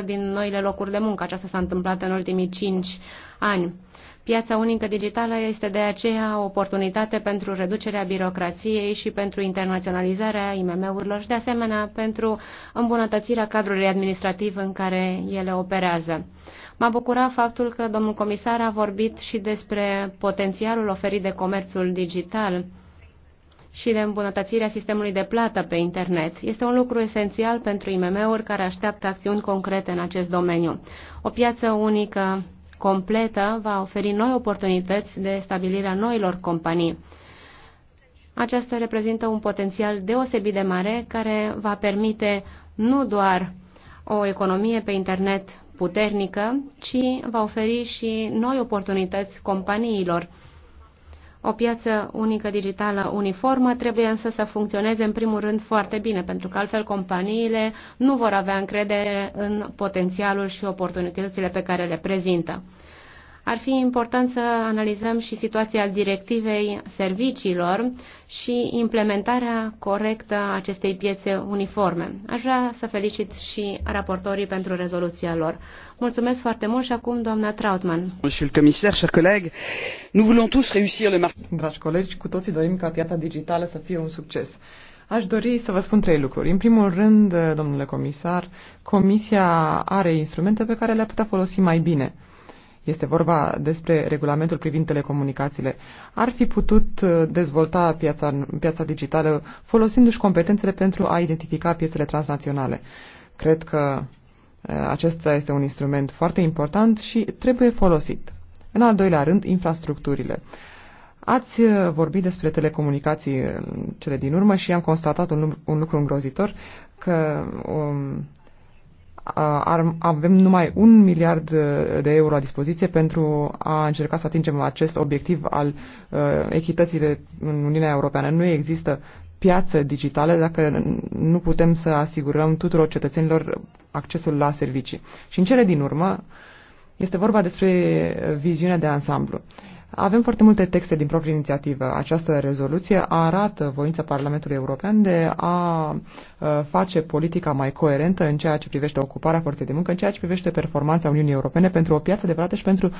85% din noile locuri de muncă. Aceasta s-a întâmplat în ultimii 5 ani. Piața unică digitală este de aceea o oportunitate pentru reducerea birocrației și pentru internaționalizarea IMM-urilor și de asemenea pentru îmbunătățirea cadrului administrativ în care ele operează. M-a bucurat faptul că domnul comisar a vorbit și despre potențialul oferit de comerțul digital și de îmbunătățirea sistemului de plată pe internet. Este un lucru esențial pentru IMM-uri care așteaptă acțiuni concrete în acest domeniu. O piață unică completă va oferi noi oportunități de stabilirea noilor companii. Aceasta reprezintă un potențial deosebit de mare care va permite nu doar o economie pe internet puternică, ci va oferi și noi oportunități companiilor o piață unică digitală uniformă trebuie însă să funcționeze în primul rând foarte bine, pentru că altfel companiile nu vor avea încredere în potențialul și oportunitățile pe care le prezintă. Ar fi important să analizăm și situația directivei serviciilor și implementarea corectă a acestei piețe uniforme. Aș vrea să felicit și raportorii pentru rezoluția lor. Mulțumesc foarte mult și acum doamna Trautmann. Monsieur le commissaire, chers collègues, nous voulons tous réussir le marché. Dragi colegi, cu toții dorim ca piața digitală să fie un succes. Aș dori să vă spun trei lucruri. În primul rând, domnule comisar, Comisia are instrumente pe care le-a putea folosi mai bine este vorba despre regulamentul privind telecomunicațiile, ar fi putut uh, dezvolta piața, piața digitală folosindu-și competențele pentru a identifica piețele transnaționale. Cred că uh, acesta este un instrument foarte important și trebuie folosit. În al doilea rând, infrastructurile. Ați uh, vorbit despre telecomunicații cele din urmă și am constatat un, un lucru îngrozitor, că um, avem numai un miliard uh, de euro la dispoziție pentru a încerca să atingem acest obiectiv al uh, echității în Uniunea Europeană. Nu există piață digitală dacă nu putem să asigurăm tuturor cetățenilor accesul la servicii. Și în cele din urmă este vorba despre viziunea de ansamblu. Uh, avem foarte multe texte din proprie inițiativă. Această rezoluție arată voința Parlamentului European de a uh, face politica mai coerentă în ceea ce privește ocuparea forței de muncă, în ceea ce privește performanța Uniunii Europene pentru o piață adevărată și pentru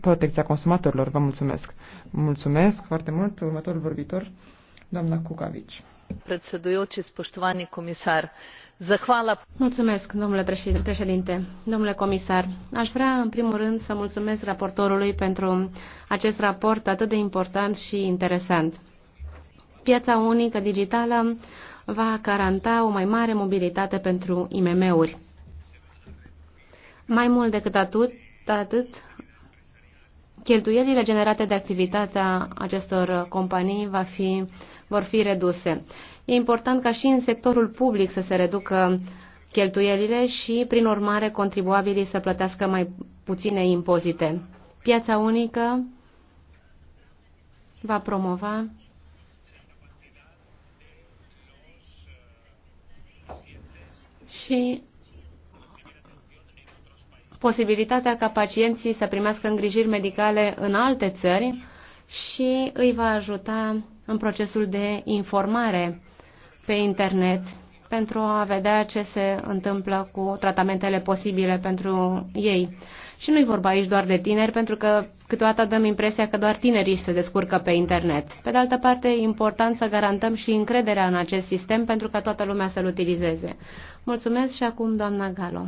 protecția consumatorilor. Vă mulțumesc. Mulțumesc foarte mult. Următorul vorbitor, doamna Cucavici. Predsedujoči, spăștuvanii Comisar. Mulțumesc, domnule președinte, domnule comisar. Aș vrea, în primul rând, să mulțumesc raportorului pentru acest raport atât de important și interesant. Piața unică digitală va garanta o mai mare mobilitate pentru IMM-uri. Mai mult decât atât, atât cheltuielile generate de activitatea acestor companii va fi, vor fi reduse. E important ca și în sectorul public să se reducă cheltuielile și, prin urmare, contribuabilii să plătească mai puține impozite. Piața unică va promova și posibilitatea ca pacienții să primească îngrijiri medicale în alte țări și îi va ajuta în procesul de informare pe internet pentru a vedea ce se întâmplă cu tratamentele posibile pentru ei. Și nu-i vorba aici doar de tineri, pentru că câteodată dăm impresia că doar tinerii se descurcă pe internet. Pe de altă parte, e important să garantăm și încrederea în acest sistem pentru ca toată lumea să-l utilizeze. Mulțumesc și acum doamna Galo.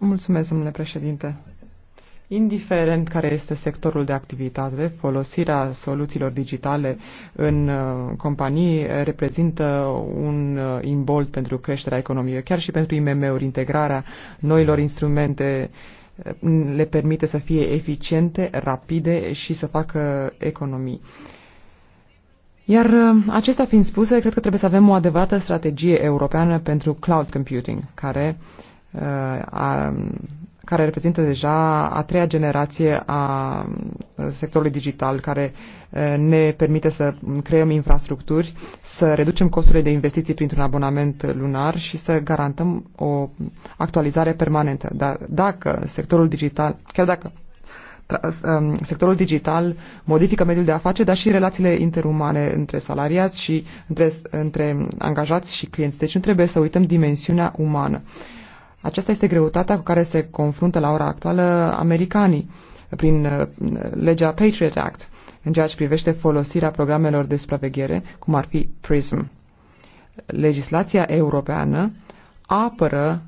Mulțumesc, domnule președinte. Indiferent care este sectorul de activitate, folosirea soluțiilor digitale în uh, companii eh, reprezintă un uh, imbold pentru creșterea economiei, chiar și pentru IMM-uri. Integrarea noilor instrumente eh, le permite să fie eficiente, rapide și să facă economii. Iar uh, acestea fiind spuse, cred că trebuie să avem o adevărată strategie europeană pentru cloud computing, care uh, a, care reprezintă deja a treia generație a sectorului digital, care ne permite să creăm infrastructuri, să reducem costurile de investiții printr-un abonament lunar și să garantăm o actualizare permanentă. Dar dacă sectorul digital, chiar dacă sectorul digital modifică mediul de afaceri, dar și relațiile interumane între salariați și între, între angajați și clienți. Deci nu trebuie să uităm dimensiunea umană. Uh, aceasta este greutatea cu care se confruntă la ora actuală americanii prin uh, legea Patriot Act în ceea ce privește folosirea programelor de supraveghere, cum ar fi PRISM. Legislația europeană apără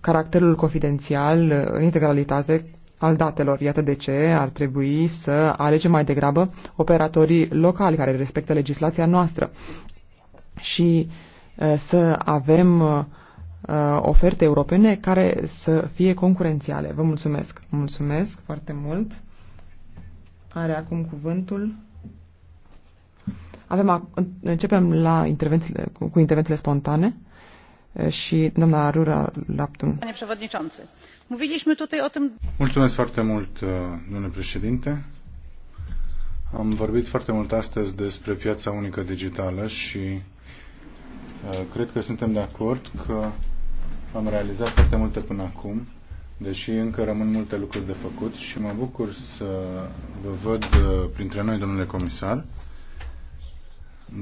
caracterul confidențial uh, în integralitate al datelor. Iată de ce ar trebui să alegem mai degrabă operatorii locali care respectă legislația noastră și uh, să avem Uh, oferte europene care să fie concurențiale. Vă mulțumesc! Mulțumesc foarte mult! Are acum cuvântul. Avem, începem la intervențiile, cu intervențiile spontane uh, și doamna Rura Laptun. Mulțumesc foarte mult, uh, domnule președinte. Am vorbit foarte mult astăzi despre piața unică digitală și cred că suntem de acord că am realizat foarte multe până acum, deși încă rămân multe lucruri de făcut și mă bucur să vă văd uh, printre noi, domnule comisar.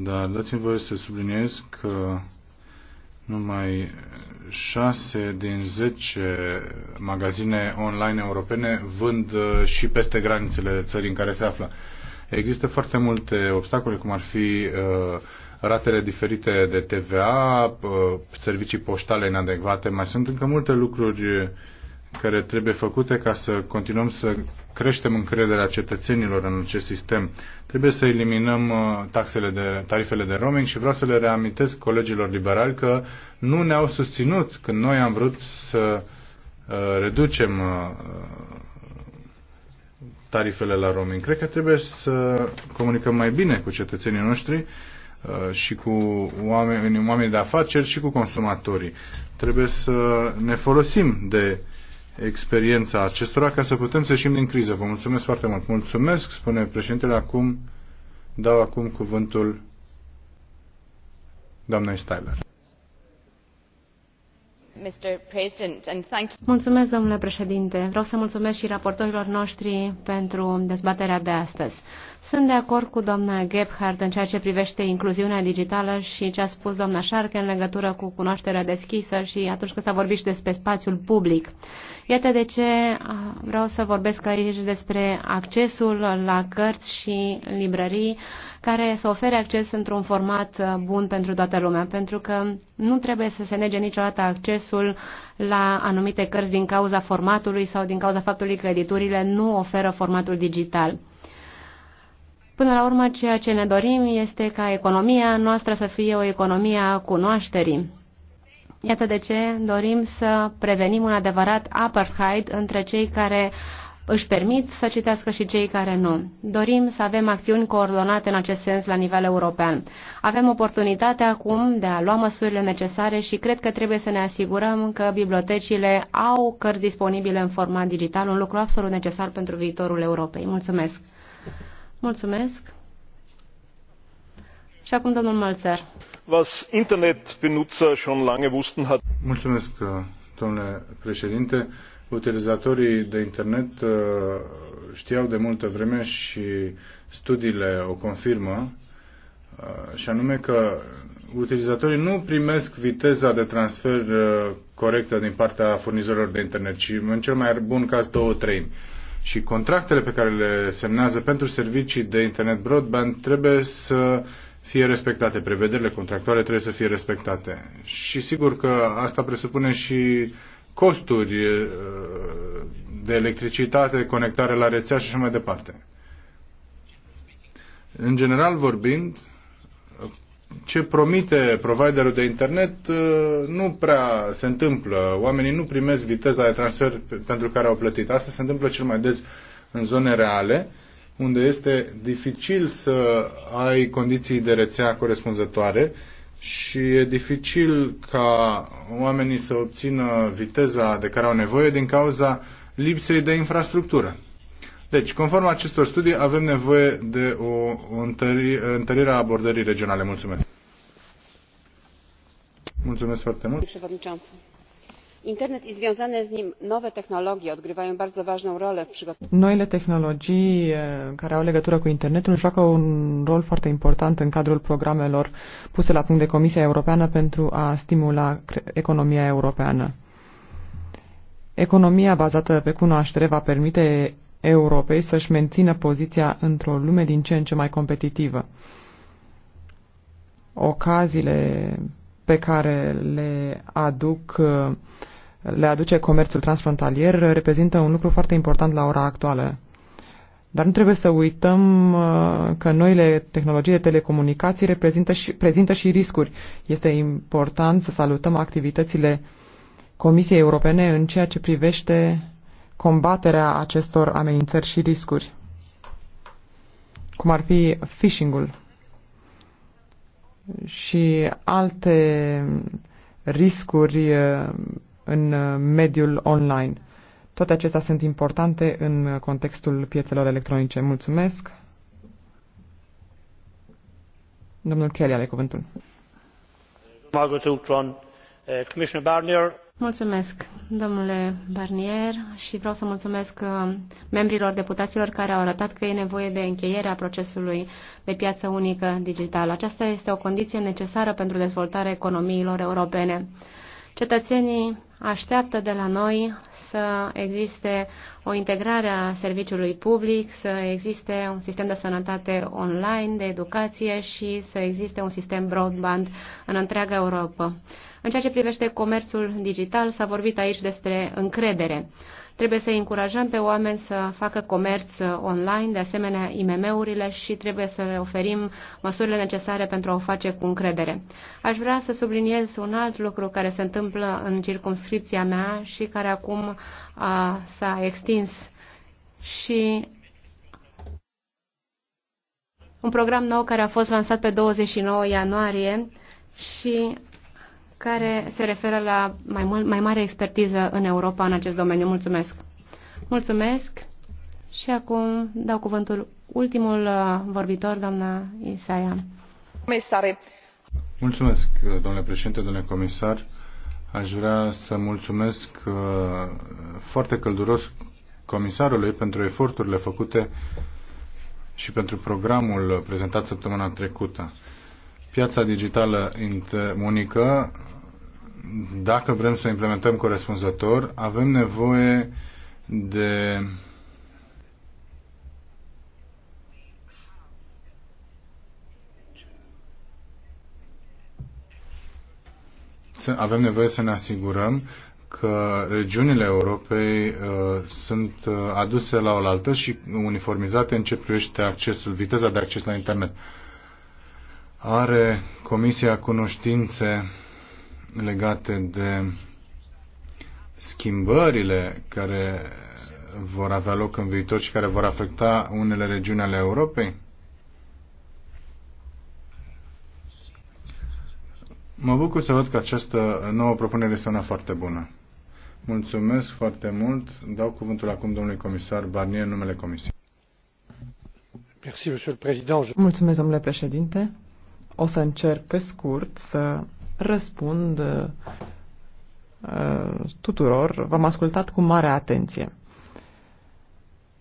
Dar dați-mi voie să subliniez că numai 6 din 10 magazine online europene vând uh, și peste granițele țării în care se află. Există foarte multe obstacole, cum ar fi uh, ratele diferite de TVA, servicii poștale inadecvate, mai sunt încă multe lucruri care trebuie făcute ca să continuăm să creștem încrederea cetățenilor în acest sistem. Trebuie să eliminăm uh, taxele de, tarifele de roaming și vreau să le reamintesc colegilor liberali că nu ne-au susținut când noi am vrut să uh, reducem uh, tarifele la roaming. Cred că trebuie să comunicăm mai bine cu cetățenii noștri Uh, și cu oameni, oamenii de afaceri și cu consumatorii. Trebuie să ne folosim de experiența acestora ca să putem să ieșim din criză. Vă mulțumesc foarte mult. Mulțumesc, spune președintele, acum dau acum cuvântul doamnei you. Mulțumesc, domnule președinte. Vreau să mulțumesc și raportorilor noștri pentru dezbaterea de astăzi. Sunt de acord cu doamna Gebhardt în ceea ce privește incluziunea digitală și ce a spus doamna Șarcă în legătură cu cunoașterea deschisă și atunci când s-a vorbit și despre spațiul public. Iată de ce vreau să vorbesc aici despre accesul la cărți și librării care să ofere acces într-un format bun pentru toată lumea, pentru că nu trebuie să se nege niciodată accesul la anumite cărți din cauza formatului sau din cauza faptului că editurile nu oferă formatul digital. Până la urmă, ceea ce ne dorim este ca economia noastră să fie o economie a cunoașterii. Iată de ce dorim să prevenim un adevărat apartheid între cei care își permit să citească și cei care nu. Dorim să avem acțiuni coordonate în acest sens la nivel european. Avem oportunitatea acum de a lua măsurile necesare și cred că trebuie să ne asigurăm că bibliotecile au cărți disponibile în format digital, un lucru absolut necesar pentru viitorul Europei. Mulțumesc! Mulțumesc. Și acum domnul Mălțar. Was internet schon lange wussten hat. Mulțumesc, uh, domnule președinte. Utilizatorii de internet uh, știau de multă vreme și studiile o confirmă, uh, și anume că utilizatorii nu primesc viteza de transfer corectă din partea furnizorilor de internet, ci în cel mai bun caz două treimi și contractele pe care le semnează pentru servicii de internet broadband trebuie să fie respectate, prevederile contractuale trebuie să fie respectate. Și sigur că asta presupune și costuri uh, de electricitate, conectare la rețea și așa mai departe. În general vorbind, ce promite providerul de internet uh, nu prea se întâmplă. Oamenii nu primesc viteza de transfer pentru care au plătit. Asta se întâmplă cel mai des în zone reale, unde este dificil să ai condiții de rețea corespunzătoare și e dificil ca oamenii să obțină viteza de care au nevoie din cauza lipsei de infrastructură. Deci, conform acestor studii, avem nevoie de o întări, întărire a abordării regionale. Mulțumesc! Mulțumesc foarte mult! Internet i związane z nim nowe technologie odgrywają bardzo ważną rolę w przygotowaniu. Noile tehnologii care au legătură cu internetul joacă un rol foarte important în cadrul programelor puse la punct de Comisia Europeană pentru a stimula economia europeană. Economia bazată pe cunoaștere va permite Europei să-și mențină poziția într-o lume din ce în ce mai competitivă. Ocaziile pe care le aduc le aduce comerțul transfrontalier reprezintă un lucru foarte important la ora actuală. Dar nu trebuie să uităm uh, că noile tehnologii de telecomunicații reprezintă și, prezintă și riscuri. Este important să salutăm activitățile Comisiei Europene în ceea ce privește combaterea acestor amenințări și riscuri, cum ar fi phishing-ul și alte riscuri uh, în mediul online. Toate acestea sunt importante în contextul piețelor electronice. Mulțumesc! Domnul Kelly are cuvântul. Margaret Utron, uh, Commissioner Barnier, Mulțumesc, domnule Barnier, și vreau să mulțumesc uh, membrilor deputaților care au arătat că e nevoie de încheierea procesului de piață unică digitală. Aceasta este o condiție necesară pentru dezvoltarea economiilor europene. Cetățenii așteaptă de la noi să existe o integrare a serviciului public, să existe un sistem de sănătate online, de educație și să existe un sistem broadband în întreaga Europa. În ceea ce privește comerțul digital, s-a vorbit aici despre încredere. Trebuie să încurajăm pe oameni să facă comerț uh, online, de asemenea IMM-urile și trebuie să le oferim măsurile necesare pentru a o face cu încredere. Aș vrea să subliniez un alt lucru care se întâmplă în circumscripția mea și care acum uh, s-a extins și un program nou care a fost lansat pe 29 ianuarie și care se referă la mai, mult, mai mare expertiză în Europa în acest domeniu. Mulțumesc! Mulțumesc și acum dau cuvântul ultimul uh, vorbitor, doamna Isaia. Comisare. Mulțumesc, uh, domnule președinte, domnule comisar. Aș vrea să mulțumesc uh, foarte călduros comisarului pentru eforturile făcute și pentru programul prezentat săptămâna trecută piața digitală unică, dacă vrem să o implementăm corespunzător, avem nevoie de avem nevoie să ne asigurăm că regiunile Europei uh, sunt uh, aduse la oaltă și uniformizate în ce privește accesul, viteza de acces la internet. Uh, are Comisia cunoștințe legate de schimbările care vor avea loc în viitor și care vor afecta unele regiuni ale Europei? Mă bucur să văd că această nouă propunere este una foarte bună. Mulțumesc foarte mult. Dau cuvântul acum domnului comisar Barnier în numele Comisiei. Mulțumesc, domnule președinte. O să încerc pe scurt să răspund uh, uh, tuturor. V-am ascultat cu mare atenție.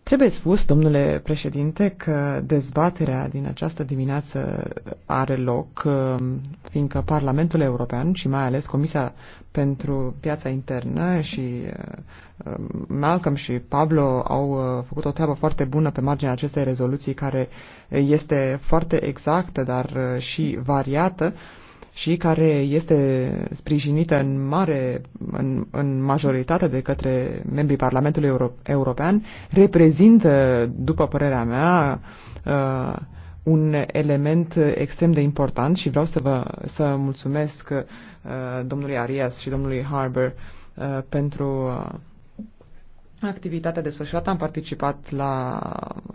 Trebuie spus, domnule președinte, că dezbaterea din această dimineață are loc, uh, fiindcă Parlamentul European și mai ales Comisia pentru piața internă și uh, Malcolm și Pablo au uh, făcut o treabă foarte bună pe marginea acestei rezoluții care este foarte exactă, dar uh, și variată și care este sprijinită în mare, în, în majoritate de către membrii Parlamentului Euro- European, reprezintă, după părerea mea, uh, un element extrem de important și vreau să vă să mulțumesc uh, domnului Arias și domnului Harbour uh, pentru uh, activitatea desfășurată. Am participat la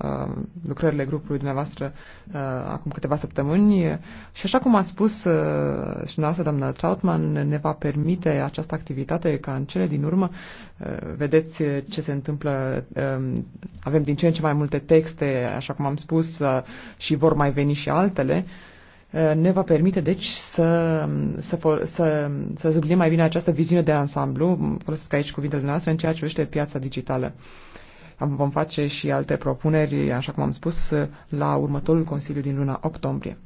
uh, lucrările grupului dumneavoastră uh, acum câteva săptămâni și așa cum a spus uh, și dumneavoastră, doamna Trautman, ne va permite această activitate ca în cele din urmă, uh, vedeți ce se întâmplă, uh, avem din ce în ce mai multe texte, așa cum am spus, uh, și vor mai veni și altele. Uh, Eh, ne va permite, deci, să, să, să, să subliniem mai bine această viziune de ansamblu, folosesc aici cuvintele noastre, în ceea ce privește piața digitală. Vom face și alte propuneri, așa cum am spus, la următorul Consiliu din luna octombrie.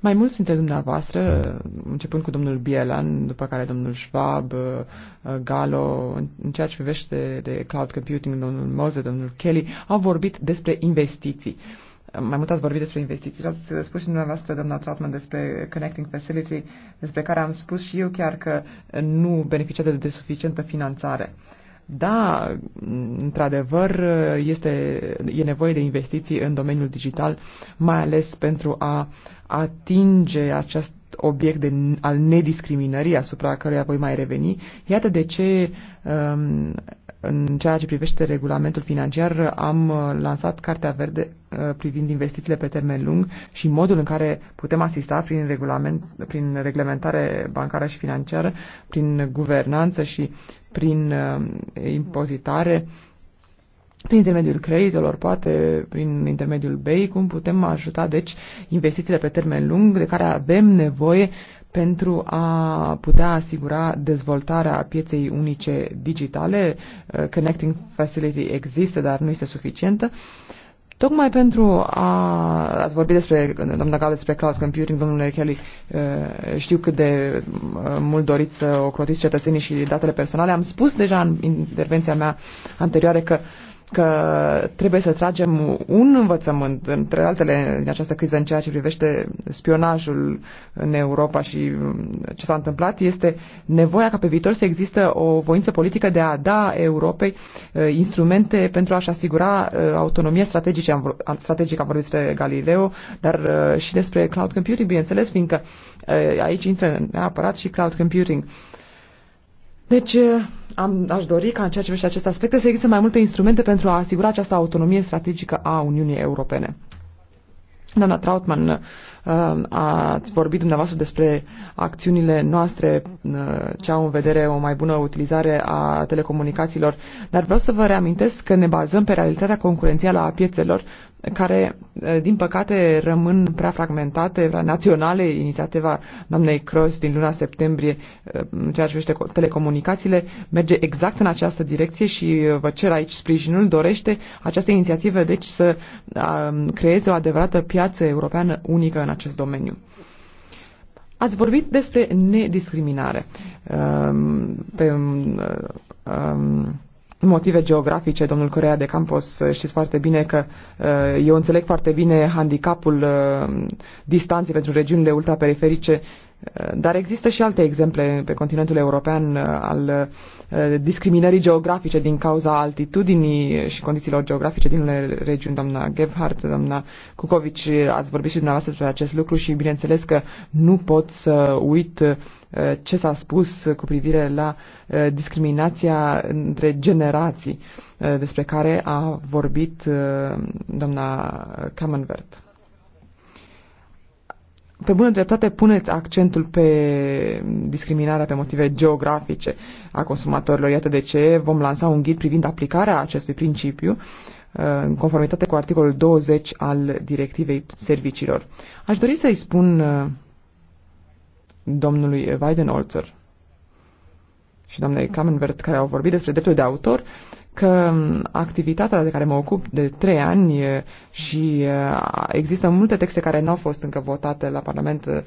Mai mulți dintre dumneavoastră, începând cu domnul Bielan, după care domnul Schwab, eh, Galo, în ceea ce privește de cloud computing, domnul Moze, domnul Kelly, au vorbit despre investiții mai mult ați vorbit despre investiții. Ați spus și dumneavoastră, doamna Trotman, despre Connecting Facility, despre care am spus și eu chiar că nu beneficiază de suficientă finanțare. Da, într-adevăr, este, e nevoie de investiții în domeniul digital, mai ales pentru a atinge acest obiect de, al nediscriminării, asupra căruia voi mai reveni. Iată de ce um, în ceea ce privește regulamentul financiar, am uh, lansat Cartea Verde uh, privind investițiile pe termen lung și modul în care putem asista prin, regulament, prin reglementare bancară și financiară, prin guvernanță și prin uh, impozitare, prin intermediul creditelor, poate prin intermediul BEI, cum putem ajuta, deci, investițiile pe termen lung de care avem nevoie pentru a putea asigura dezvoltarea pieței unice digitale. Uh, connecting Facility există, dar nu este suficientă. Tocmai pentru a... Ați vorbit despre, doamna Gale, despre cloud computing, domnule Kelly, uh, știu cât de uh, mult doriți să ocrotiți cetățenii și datele personale. Am spus deja în intervenția mea anterioară că uh, că trebuie să tragem un învățământ, între altele, din această criză în ceea ce privește spionajul în Europa și mm, ce s-a întâmplat, este nevoia ca pe viitor să există o voință politică de a da Europei eh, instrumente pentru a-și asigura eh, autonomie strategică. strategică. Am vorbit despre Galileo, dar eh, și despre cloud computing, bineînțeles, fiindcă aici intră neapărat și cloud computing. Deci, uh, am, aș dori ca în ceea ce vește aceste aspecte să existe mai multe instrumente pentru a asigura această autonomie strategică a Uniunii Europene. Doamna Trautmann, uh, ați vorbit dumneavoastră despre acțiunile noastre, uh, ce au în vedere o mai bună utilizare a telecomunicațiilor, dar vreau să vă reamintesc că ne bazăm pe realitatea concurențială a piețelor care, eh, din păcate, rămân prea fragmentate, prea naționale. Inițiativa doamnei Cross din luna septembrie, eh, ceea ce privește telecomunicațiile, merge exact în această direcție și eh, vă cer aici sprijinul. Dorește această inițiativă, deci, să creeze o adevărată piață europeană unică în acest domeniu. Ați vorbit despre nediscriminare. Ehm, pe, mm, ehm, motive geografice, domnul Corea de Campos, știți foarte bine că uh, eu înțeleg foarte bine handicapul uh, distanței pentru regiunile ultraperiferice dar există și alte exemple pe continentul european uh, al uh, discriminării geografice din cauza altitudinii și condițiilor geografice din unele regiuni. Doamna Gebhardt, doamna Cucovici, ați vorbit și dumneavoastră despre acest lucru și bineînțeles că nu pot să uit uh, ce s-a spus cu privire la discriminația între generații despre care a vorbit doamna Kamenvert pe bună dreptate puneți accentul pe discriminarea pe motive geografice a consumatorilor. Iată de ce vom lansa un ghid privind aplicarea acestui principiu uh, în conformitate cu articolul 20 al directivei serviciilor. Aș dori să-i spun uh, domnului Weidenholzer și doamnei Kamenvert, care au vorbit despre dreptul de autor, că activitatea de care mă ocup de trei ani și există multe texte care nu au fost încă votate la Parlament,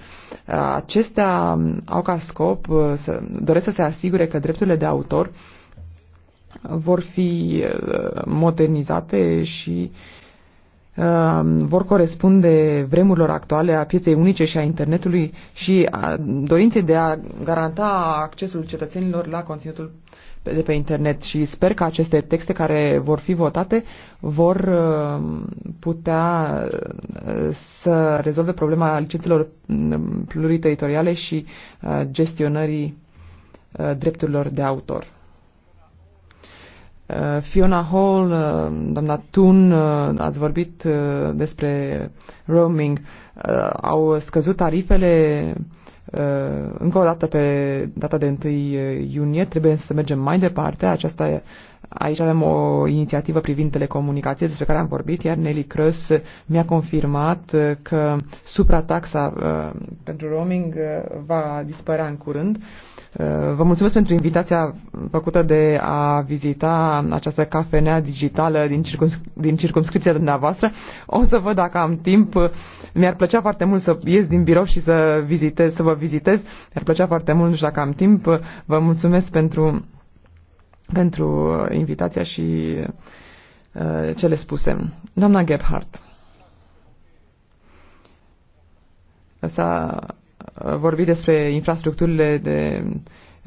acestea au ca scop, să, doresc să se asigure că drepturile de autor vor fi modernizate și vor corespunde vremurilor actuale a pieței unice și a internetului și a dorinței de a garanta accesul cetățenilor la conținutul de pe internet și sper că aceste texte care vor fi votate vor uh, putea uh, să rezolve problema licențelor mm, pluriteritoriale și uh, gestionării drepturilor de autor. Fiona Hall, doamna Tun, ați vorbit despre roaming. Au scăzut tarifele Uh, încă o dată pe data de 1 uh, iunie trebuie să mergem mai departe. Aceasta, aici avem o inițiativă privind telecomunicații despre care am vorbit, iar Nelly Crăs mi-a confirmat uh, că suprataxa pentru roaming va dispărea în curând. Vă mulțumesc pentru invitația făcută de a vizita această cafenea digitală din, circuns- din circunscripția dumneavoastră. O să văd dacă am timp. Mi-ar plăcea foarte mult să ies din birou și să vizitez, să vă vizitez. Mi-ar plăcea foarte mult, nu știu dacă am timp. Vă mulțumesc pentru, pentru invitația și ce uh, cele spuse. Doamna Gebhardt. S-a vorbit despre infrastructurile de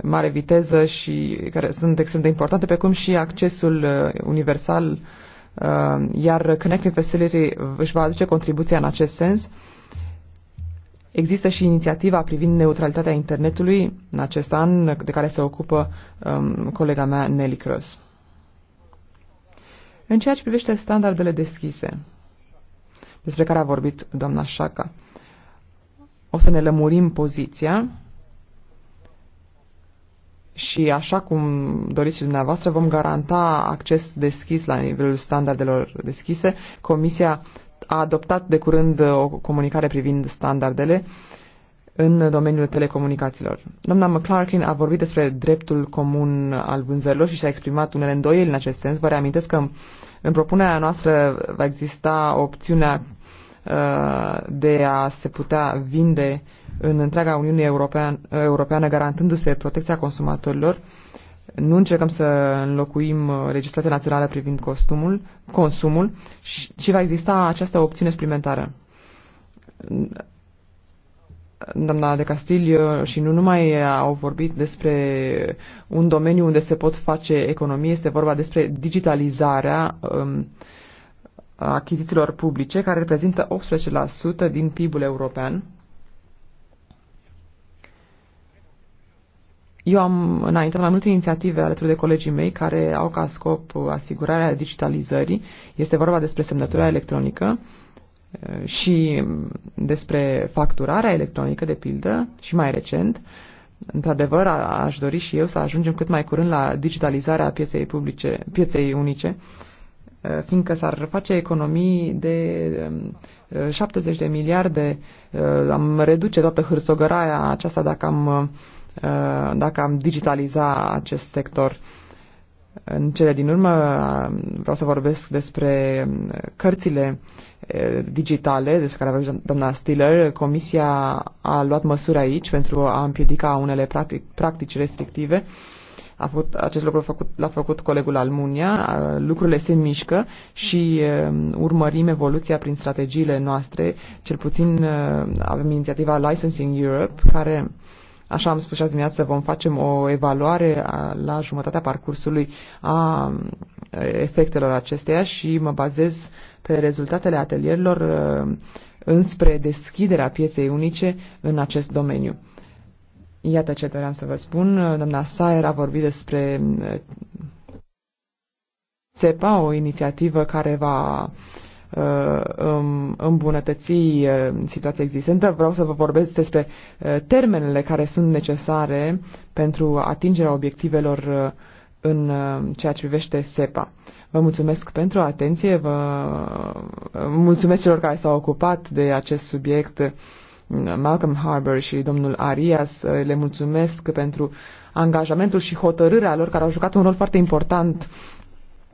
mare viteză și care sunt extrem de importante, precum și accesul uh, universal, uh, iar Connecting Facility își va aduce contribuția în acest sens. Există și inițiativa privind neutralitatea internetului în acest an, de care se ocupă um, colega mea Nelly Cross. În ceea ce privește standardele deschise, despre care a vorbit doamna Șaca, o să ne lămurim poziția și așa cum doriți și dumneavoastră, vom garanta acces deschis la nivelul standardelor deschise. Comisia a adoptat de curând uh, o comunicare privind standardele în domeniul telecomunicațiilor. Doamna McClarkin a vorbit despre dreptul comun al vânzărilor și și-a exprimat unele îndoieli în acest sens. Vă reamintesc că în propunerea noastră va exista opțiunea Uh, de a se putea vinde în întreaga Uniune Europeană, garantându-se protecția consumatorilor, nu încercăm să înlocuim uh, legislația națională privind costumul, consumul, ci va exista această opțiune suplimentară. Doamna de Castilio și nu numai au vorbit despre un domeniu unde se pot face economie, este vorba despre digitalizarea um, achizițiilor publice, care reprezintă 18% din PIB-ul european. Eu am înaintat mai multe inițiative alături de colegii mei care au ca scop asigurarea digitalizării. Este vorba despre semnătura electronică eh, și despre facturarea electronică, de pildă, și mai recent. Într-adevăr, aș dori și eu să ajungem cât mai curând la digitalizarea pieței, publice, pieței unice fiindcă s-ar face economii de 70 um, de miliarde, uh, am reduce toată hârsogăraia aceasta dacă am, uh, dacă am digitaliza acest sector. În cele din urmă uh, vreau să vorbesc despre um, cărțile digitale despre care a vorbit doamna Stiller. Comisia a luat măsuri aici pentru a împiedica unele practic, practici restrictive a făcut, acest lucru făcut, l-a făcut colegul Almunia. Lucrurile se mișcă și um, urmărim evoluția prin strategiile noastre. Cel puțin uh, avem inițiativa Licensing Europe, care Așa am spus și azi dimineață, vom facem o evaluare a, la jumătatea parcursului a uh, efectelor acesteia și mă bazez pe rezultatele atelierilor uh, înspre deschiderea pieței unice în acest domeniu. Iată ce doream să vă spun. Doamna Saer a vorbit despre eh, SEPA, o inițiativă care va eh, îmbunătăți eh, situația existentă. Vreau să vă vorbesc despre termenele care sunt necesare pentru atingerea obiectivelor în ceea ce privește SEPA. Vă mulțumesc pentru atenție, vă mulțumesc celor care s-au ocupat de acest subiect Malcolm Harbour și domnul Arias. Uh, le mulțumesc pentru angajamentul și hotărârea lor, care au jucat un rol foarte important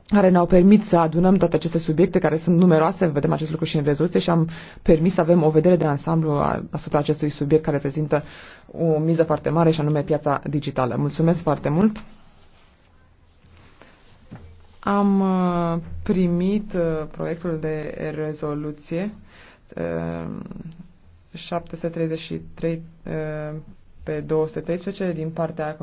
care ne-au permis să adunăm toate aceste subiecte care sunt numeroase, vedem acest lucru și în rezoluție și am permis să avem o vedere de ansamblu asupra acestui subiect care reprezintă o miză foarte mare și anume piața digitală. Mulțumesc foarte mult! Am uh, primit uh, proiectul de rezoluție 733 pe 213 din partea Comisiei.